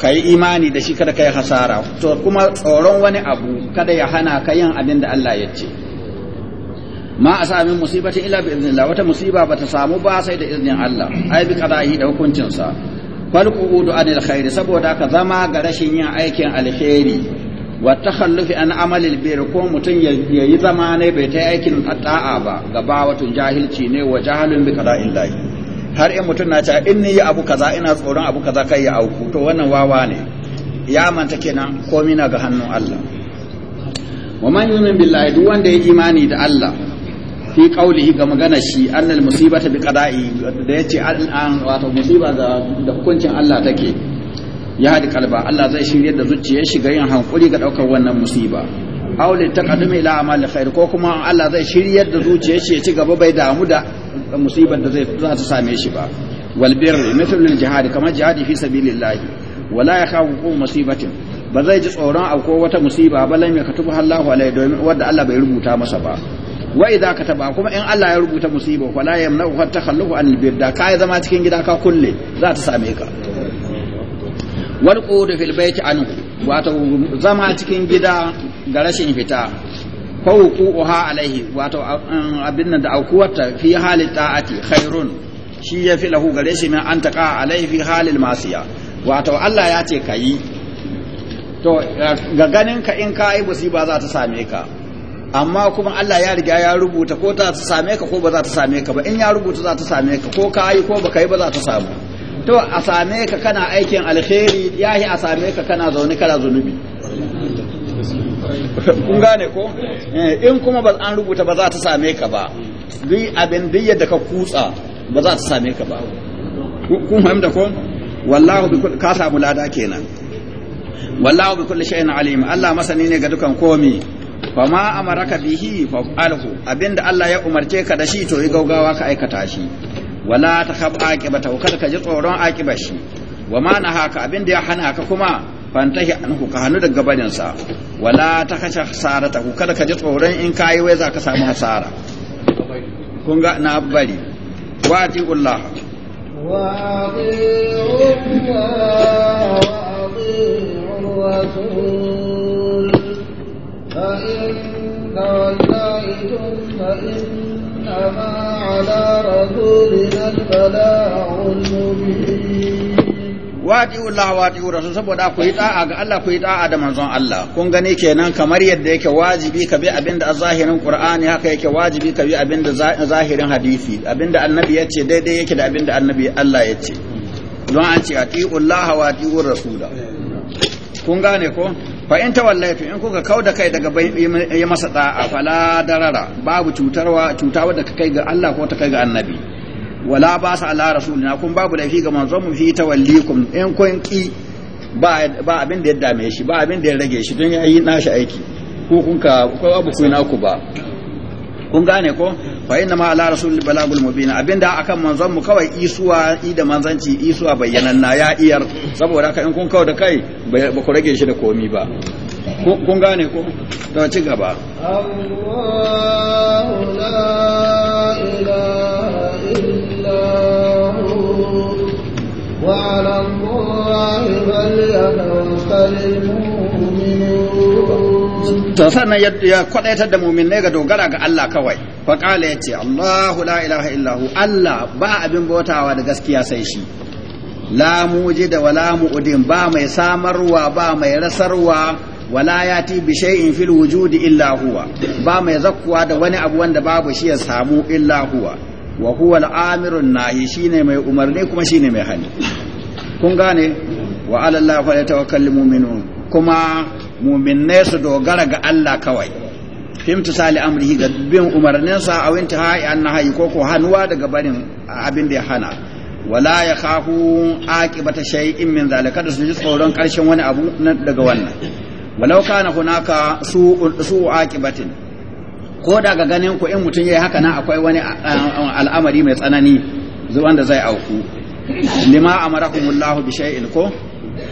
ka yi imani da shi kada ka yi hasara to kuma tsoron wani abu kada ya hana ka yin abin da Allah ya ce ma a sami musibatin ila bi wata musiba bata samu ba sai da iznin Allah ai bi qadahi da hukuncin sa fal qudu anil khair saboda ka zama ga rashin yin aikin alheri wa takhallufi an amali albir ko mutun yayi zama ne bai ta aikin ta'a ba gaba wato jahilci ne wa jahalun bi qada'illahi har in mutum na cewa in ni yi abu kaza ina tsoron abu kaza kai ya auku to wannan wawa ne ya manta kenan komi na ga hannun Allah wa man yu'min billahi duk wanda ya imani da Allah fi qaulihi ga magana shi annal musibata bi qada'i da yace an wato musiba da da hukuncin Allah take ya hadi kalba Allah zai shirye da zuciyar shi ga yin hankuri ga daukar wannan musiba aw li taqaddumi ila amali khair ko kuma Allah zai shiryar da zuciyar shi ya ci gaba bai damu da musibar da zai za ta same shi ba walbir birri mithlu al jihad kama jihadi fi sabilillah wala yakhafu musibatin ba zai ji tsoron akwai wata musiba ba lam katubu Allahu alai domin wanda Allah bai rubuta masa ba wa idza kataba kuma in Allah ya rubuta musiba wala yamna'u hatta khalluhu anil bir ka ya zama cikin gida ka kulle za ta same ka wal qud fil bayti anhu wato zama cikin gida ga rashin fita fawquha alaihi wato um, abin nan da aukuwarta fi halit ta'ati khairun shi ya fi lahu gare shi min an taqa alaihi fi halil masiya wato Allah ya ce kayi to uh, ga ganin ka in ka yi musiba za ta same ka amma kuma Allah ya riga ya rubuta ko ta same ka ko ba za ta same ka ba in ya rubuta za ta same ka ko ka yi ko ba kai ba za ta samu to a same ka kana aikin alheri yahi a same ka kana zaune kana zunubi kun gane ko eh, in kuma ba an rubuta ba za ta same ka ba duk abin duk yadda ka kutsa ba za ta same ka ba kun fahimta ko wallahu bi kulli ka samu lada kenan wallahu bi kulli shay'in alim Allah masani ne ga dukan komi fa ma amaraka bihi fa alhu abinda Allah ya umarce ka da shi to yi gaugawa ka aikata shi wala ta takhab aqibata kada ka ji tsoron aqibar shi wa ma nahaka abinda ya hana ka kuma fantahi anhu ka hanu daga sa wala ta kashe hasara ta kada ka ji tsoron in ka yi wai za ka samu hasara kun ga na bari wa ati ullah wa ati ullah wa ati fa in fa ala rasulina al al-mubin wati'u Allah wati'u rasul saboda ku yi da'a ga Allah ku yi da'a da manzon Allah kun gani kenan kamar yadda yake wajibi ka bi abinda a zahirin Qur'ani haka yake wajibi ka bi abinda zahirin hadisi abinda annabi ya ce daidai yake da abinda annabi Allah ya ce don an ce ati'u Allah wati'u rasula kun gane ko fa in tawallaitu in kuka kauda kai daga yi masa da'a fala darara babu cutarwa cuta wadda ka kai ga Allah ko ta kai ga annabi wala ba sa ala rasulina kun babu laifi ga manzon mu fi tawallikum in kun ki ba ba abin da ya dame shi ba abin da ya rage shi don ya yi nashi aiki ko kun ka ko abu ku naku ba kun gane ko fa inna ma ala rasul balagul mubin abinda akan manzon mu kawai isuwa i da manzanci isuwa bayyananna ya iyar saboda haka in kun kawo da kai ba ku rage shi da komi ba kun gane ko to ci gaba Allahu la ilaha وعلى الله فليتوكل to sannan ya kwadaitar da muminai ga dogara ga Allah kawai faƙala ya ce Allahu la ilaha illahu Allah ba abin bautawa da gaskiya sai shi la mujida wala mu'udin ba mai samarwa ba mai rasarwa wala ya bi shay'in fil wujudi illa huwa ba mai zakkuwa da wani abu wanda babu shi ya samu illa huwa wa huwa al-amirun nahi shine mai umarni kuma shine mai hali kun gane wa ala Allah falyatawakkalul mu'minun kuma mu'minai su dogara ga Allah kawai fimtu sali amrihi ga bin umarninsa a winta hayi an nahayi ko ko hanuwa daga barin abin da ya hana wala ya khafu aqibata shay'in min zalika da su ji tsoron karshen wani abu daga wannan walau kana hunaka su su aqibatin ko da ga ganin ku in mutum yayi haka nan akwai wani ah, al'amari mai tsanani wanda zai auku lima amarakumullahu bi shay'in ko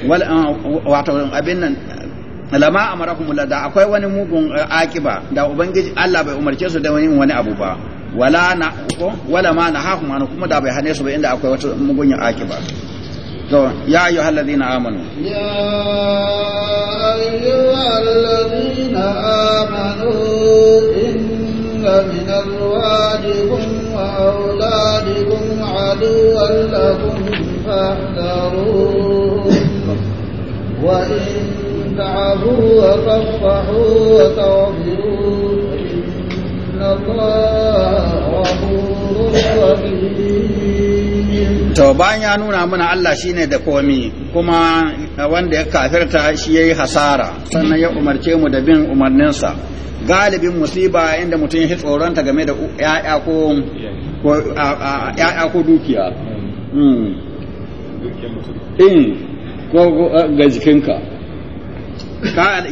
wal ah, wato abin nan lama amarakumullahu da akwai wani mugun ah, akiba da ubangiji Allah bai umarce su da wani wani abu ba wala na ko wala ma na an kuma da bai hane su ba inda akwai wata mugun akiba يا أيها الذين آمنوا يا أيها الذين آمنوا إن من أزواجكم وأولادكم عدوا لكم فاحذروه وإن تعفوا وتصفحوا وتغفروا إن الله غفور رحيم to bayan ya nuna mana Allah shine da komi kuma wanda ya kafirta shi yayi hasara sannan ya umarce mu da bin umarninsa galibin musiba inda mutum ya tsoronta game da ya'ya ko ya'ya ko dukiya hmm. Hmm. ko eh, ga jikinka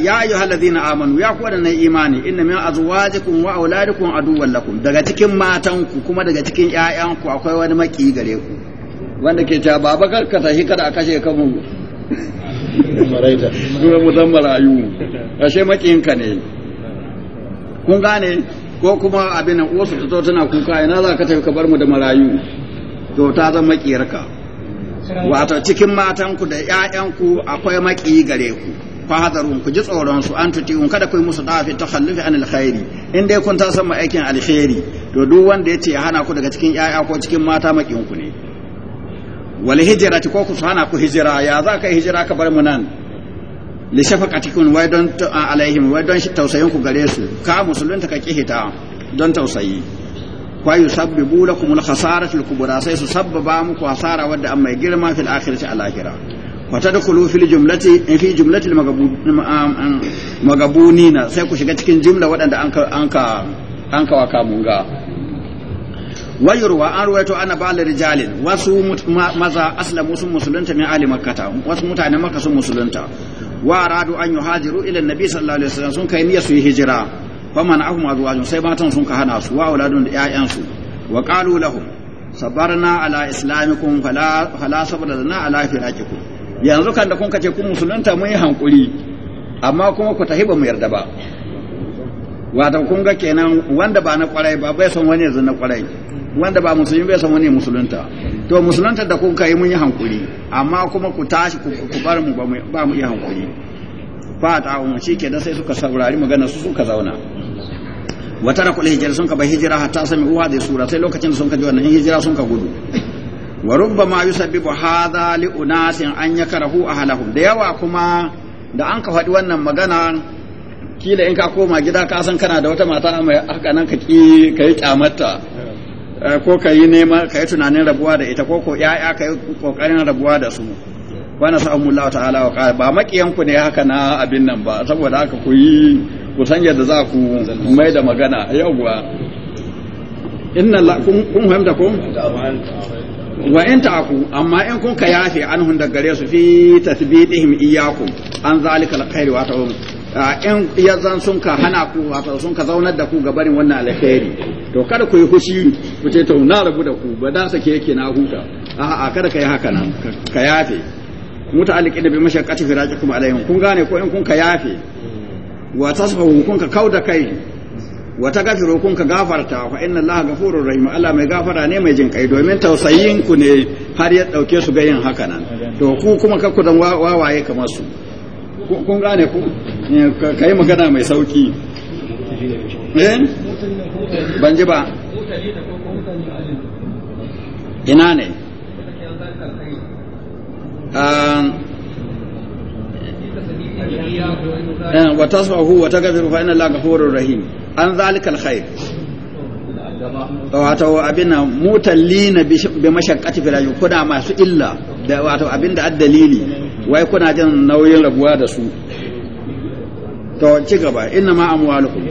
ya ayu halazina amanu ya da na imani inna min azwajikum wa auladikum aduwwan lakum daga cikin matanku kuma daga cikin 'ya'yanku akwai wani maki gare ku wanda ke cewa ba bakar ka tafi kada a kashe ka mun kuma mu san marayu ashe ka ne kun gane ko kuma abin uwarsu ta zo tana kuka ina za ka tafi ka bar mu da marayu to ta zan makiyar ka. wato cikin matanku da ƴaƴanku akwai maki gare ku hadarun ku ji tsoron su an tuti kada ku yi musu dafi khallifi anil khairi in dai kun ta san ma aikin alkhairi to duk wanda yace ya hana ku daga cikin ƴaƴa ko cikin mata makin ku ne wal hijrati ko ku sana ku hijira ya za ka hijira ka bar mu nan li shafaqatikum wa don alaihim wa don tausayin ku gare su ka ta ka kihita don tausayi wa yusabbibu lakum al khasaratu al kubra sai su sabbaba muku asara wadda amma mai girma fil akhirati al akhirah wa tadkhulu fil jumlati fi jumlati al um, um, magabunina sai ku shiga cikin jumla wadanda an ka an ka an ka waka wayurwa an ruwaito ana ba'al rijalin wasu maza aslamu sun musulunta min ahli makkata wasu mutanen makka sun musulunta wa an yuhajiru ila sallallahu alaihi wasallam sun kai su hijira fa man ahum azwajun sai matan sun ka hana su wa auladun da ƴaƴan su wa qalu lahum sabarna ala islamikum fala yanzu kan da kun kace kun musulunta mun yi hankuri amma kuma ku tahiba mu yarda ba wato kun ga kenan wanda ba na kwarai ba bai son wani yanzu na kwarai wanda ba musulmi bai san wani musulunta to musulunta da kuka yi mun yi hankuri amma kuma ku tashi ku bar mu ba mu yi hankuri fa ta mu shike da sai suka saurari magana su suka zauna wa kullu hijra sun ka bai hijira hatta sami uwa da sura sai lokacin da sun ka ji wannan hijira sun ka gudu wa rubbama yusabbibu hadha li unasin an yakrahu ahlahum da yawa kuma da an ka faɗi wannan magana kila in ka koma gida ka san kana da wata mata mai haka nan ka ki kai kyamarta Eh, ko ka yi nema ka yi tunanin rabuwa da ita ko ko ya'ya ka yi kokarin rabuwa da su wani sa'an ta'ala wa ba makiyan ku ne haka na abin nan ba saboda haka ku yi ku san yadda za ku mai da magana yawwa inna la kun kun fahimta kun wa in ta'ku amma in kun ka yafe anhum da su fi tasbitihim iyyakum an zalika alkhairi wa ta'um in yanzan sun ka hana ku wato sun ka zaunar da ku gabarin wannan alheri to kada ku yi fushi ku ce to na rabu da ku ba dan sake yake na huta a'a kada ka yi haka nan ka yafe da bi mashaqqati kuma alaihim kun gane ko in kun ka yafe wa tasfahu kun ka kauda kai wa tagfiru kun ka gafarta fa inna allaha ghafurur rahim Allah mai gafara ne mai jin kai domin tausayin ku ne har ya dauke su ga yin haka nan to ku kuma kakku wawaye kamar su kun gane ku eh, ka yi magana mai sauki eh? ban ji ba ina ne um, eh, wa wa fa inna allaha ghafurur rahim an zalikal khair wato abin mutallina bi mashaqqati kuna masu illa wato abin da addalili wai kuna jin nauyin rabuwa da su to ci gaba inna ma amwalukum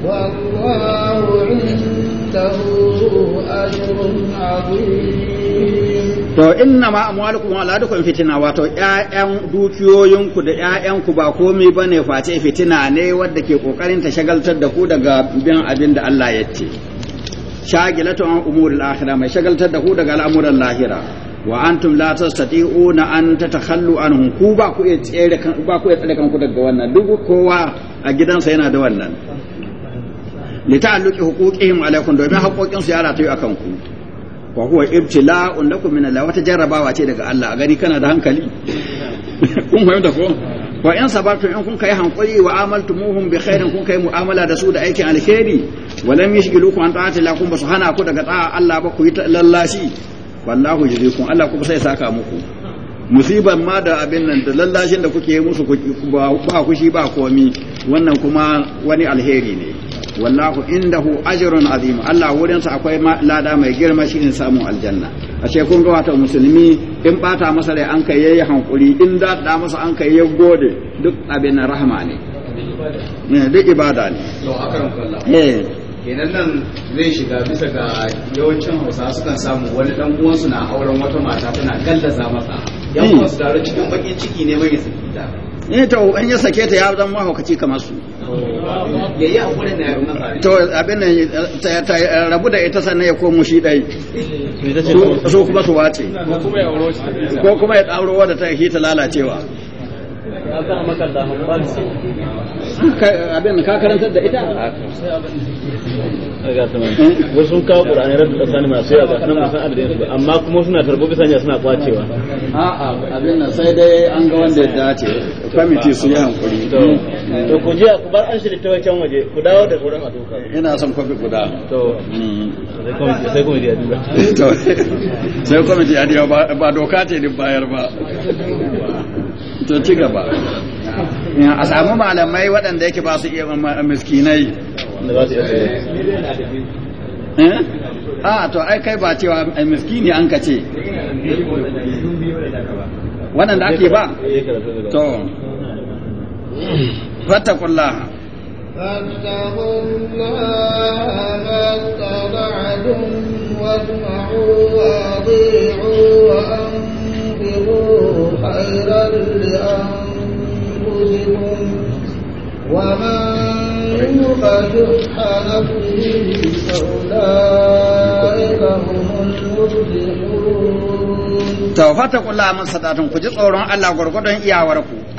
والله عنده أجر عظيم to inna ma amwalukum wa auladukum fitina wato ƴaƴan dukiyoyinku da ƴaƴanku ba komai bane face fitina ne wadda ke kokarin ta shagaltar da ku daga bin abin da Allah ya ce shagilatu an umuril akhirah mai shagaltar da ku daga al'amuran lahira wa antum la tastati'una an tatakhallu anhum ku ba ku iya tsere kan ba ku iya kan ku daga wannan duk kowa a gidansa yana da wannan li ta'alluqi huquqihim alaikum domin su ya ratayu akan ku wa huwa ibtila'un lakum min Allah wata jarrabawa ce daga Allah a gari kana da hankali kun fahimta ko wa in sabartu in kun kai hankali wa amaltumuhum bi khairin kun kai mu'amala da su da aikin alkhairi wa lam yashghilukum an ta'ati lakum basu hana ku daga ta'a Allah ba ku yi lallashi wallahu yajzikum Allah ku sai saka muku musiban ma da abin nan da lallashin da kuke musu ba ku shi ba komi wannan kuma wani alheri ne wallahu indahu ajrun azim Allah wurin sa akwai lada mai girma shi in samu aljanna ashe kun ga wato musulmi in bata masa rai an kai yayi hankuri in da da masa an kai yayi gode duk abin rahama ne ne eh, duk ibada ne to akan kallah eh kenan nan zai shiga bisa ga yawancin hausa sukan samu wani dan uwansu na auren wata mata tana gallaza masa yan hmm. uwansu tare cikin bakin ciki ne mai sakita in eh, ta in ya sake ta ya zama mahaukaci kamar su to abin nan ta rabu da ita sannan ya komo shi dai su kuma su wace ko kuma ya ɗauro wadda ta hita lalacewa abin ka karantar da ita wasu kawo ƙura'ani rabbi tsakani masu yawa ga musan adadin su amma kuma suna tarbo bisa suna kwacewa a'a abin nan sai dai an ga wanda ya dace kwamiti su yi hankuri to ku je ku bar an shi ta wancan waje ku dawo da sauran a ina son kwafi guda to sai kwamiti ya duba sai kwamiti ya duba ba doka ce din bayar ba to ci gaba a samu malamai waɗanda yake ba su iya miskinai eh? a to ai kai ba cewa miskini an kace waɗanda ake ba to fata fattakullah فاتقوا الله ما استطعتم واسمعوا واطيعوا خيرا لأنفسكم ومن يوق شح نفسه فأولئك هم المفلحون توفتقوا الله من ku ji tsoron Allah gwargwadon ku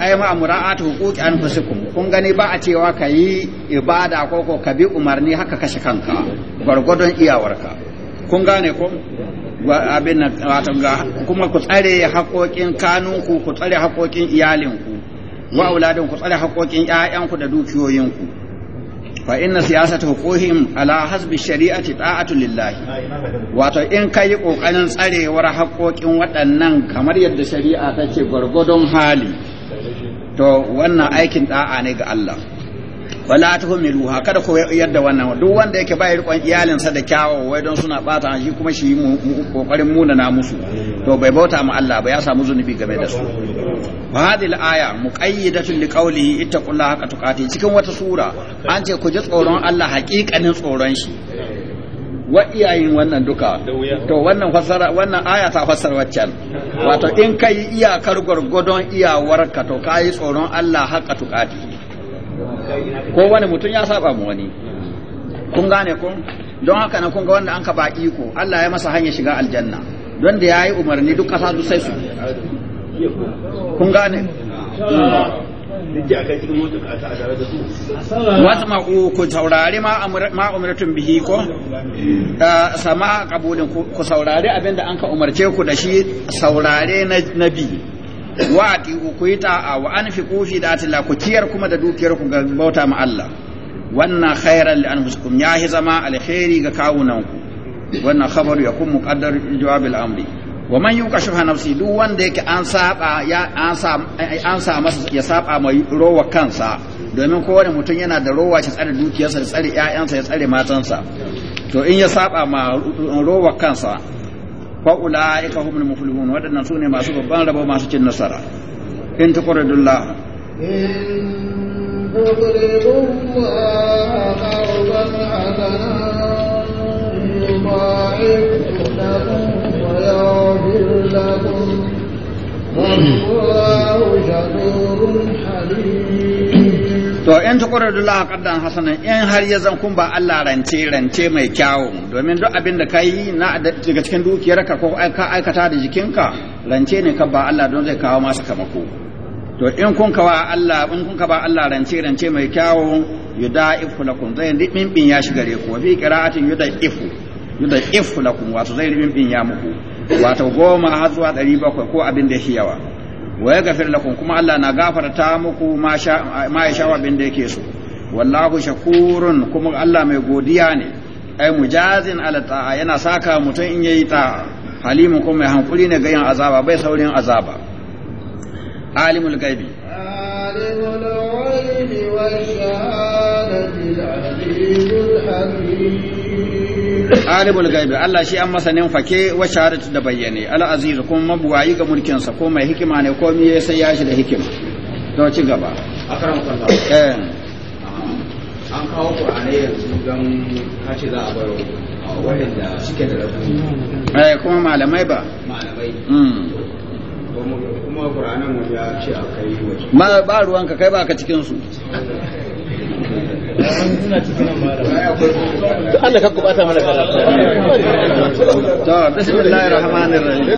ai ma mura'atu huquqi anfusikum kun gani ba a cewa yi ibada ko ko ka bi umarni haka kashe kanka gwargwadon iyawarka kun gane ko abin wato kuma ku tsare haƙoƙin kanunku ku tsare haƙoƙin iyalinku wa auladin ku tsare haƙoƙin ƴaƴanku da dukiyoyinku fa inna siyasata hukuhim ala hasbi shari'ati ta'atu lillahi wato in kai ƙoƙarin tsarewar haƙoƙin waɗannan kamar yadda shari'a take gwargwadon hali to wannan aikin da'a ne ga Allah wala tuhmiluha kada ko yadda wannan duk wanda yake bai rikon iyalinsa da kyawawa wai don suna bata shi kuma shi kokarin munana musu to bai bauta mu Allah ba ya samu zunubi game da su hadhihi al-aya muqayyidatun liqawlihi ittaqullaha haqqa tuqatih cikin wata sura an ce ku ji tsoron Allah haƙiƙanin tsoron shi wa iyayen wannan duka to wannan fassara wannan aya ta fassara waccan wato in kai iyakar gwargwadon iyawarka to kai tsoron Allah haqqa tuqatih ko wani mutum ya saba mu wani kun gane kun don haka na kun ga wanda an ka ba iko Allah ya masa hanya shiga aljanna don da yayi umarni duk kasa su sai su kun gane wasma'u ku saurari ma umartun bihi ko eh, sama kabulin ku saurari abinda an ka umarce ku da shi saurare na bi wa ati'u ku yi wa anfiqu fi da'atillah ku ciyar kuma da dukiyar ku ga bauta ma Allah wannan khairan li anfusikum ya hi zama alkhairi ga kawunan ku wannan ya yakun muqaddar jawab al-amri wa man yuqa shuha nafsi duk wanda yake an saba ya an sa an sa masa ya saba mai rowa kansa domin kowane mutum yana da rowa shi tsare dukiyarsa da tsare ƴaƴansa ya tsare matansa to in ya saba ma rowa kansa fa ulaika humul muflihun wadannan sune masu babban rabo masu cin nasara in tuqridullah in tuqridullah qardan hadanan yubaa'if lakum wa yaghfir lakum wallahu shakurun to in tuqridu la ƙaddan hasanan in har ya zan kun ba Allah rance rance mai kyawu domin duk abin da yi na daga cikin dukiyarka ko ka aikata da jikinka rance ne ka ba Allah don zai kawo masa kamako to in kun ka ba Allah in kun ka ba Allah rance rance mai kyawu yudaifu kun zai ribin ya shiga bi ku yuda ifu, yuda ifu na kun wato zai ribin ya muku wato goma har zuwa 700 ko abin da shi yawa wa gafir lakum kuma Allah na gafarta muku ma ya sha abin da yake so wallahu shakurun kuma Allah mai godiya ne ai mujazin ala ta'a yana saka mutum in yayi ta halimu kuma mai hankuri ne ga yin azaba bai saurin azaba alimul gaibi alimul wa hakim alimul gaibi Allah shi an masanin fake wa sharatu da bayyane al aziz kuma mabuwayi ga mulkin sa ko mai hikima ne ko me sai ya shi da hikima to ci gaba akram kallah eh an kawo qur'ani yanzu dan kace za a baro wanda suke da rabu eh kuma malamai ba malamai mm kuma qur'anin ya ce a waje ma ba ruwanka kai ba ka cikin su Allah ka kubata mana karatu. To, bismillahir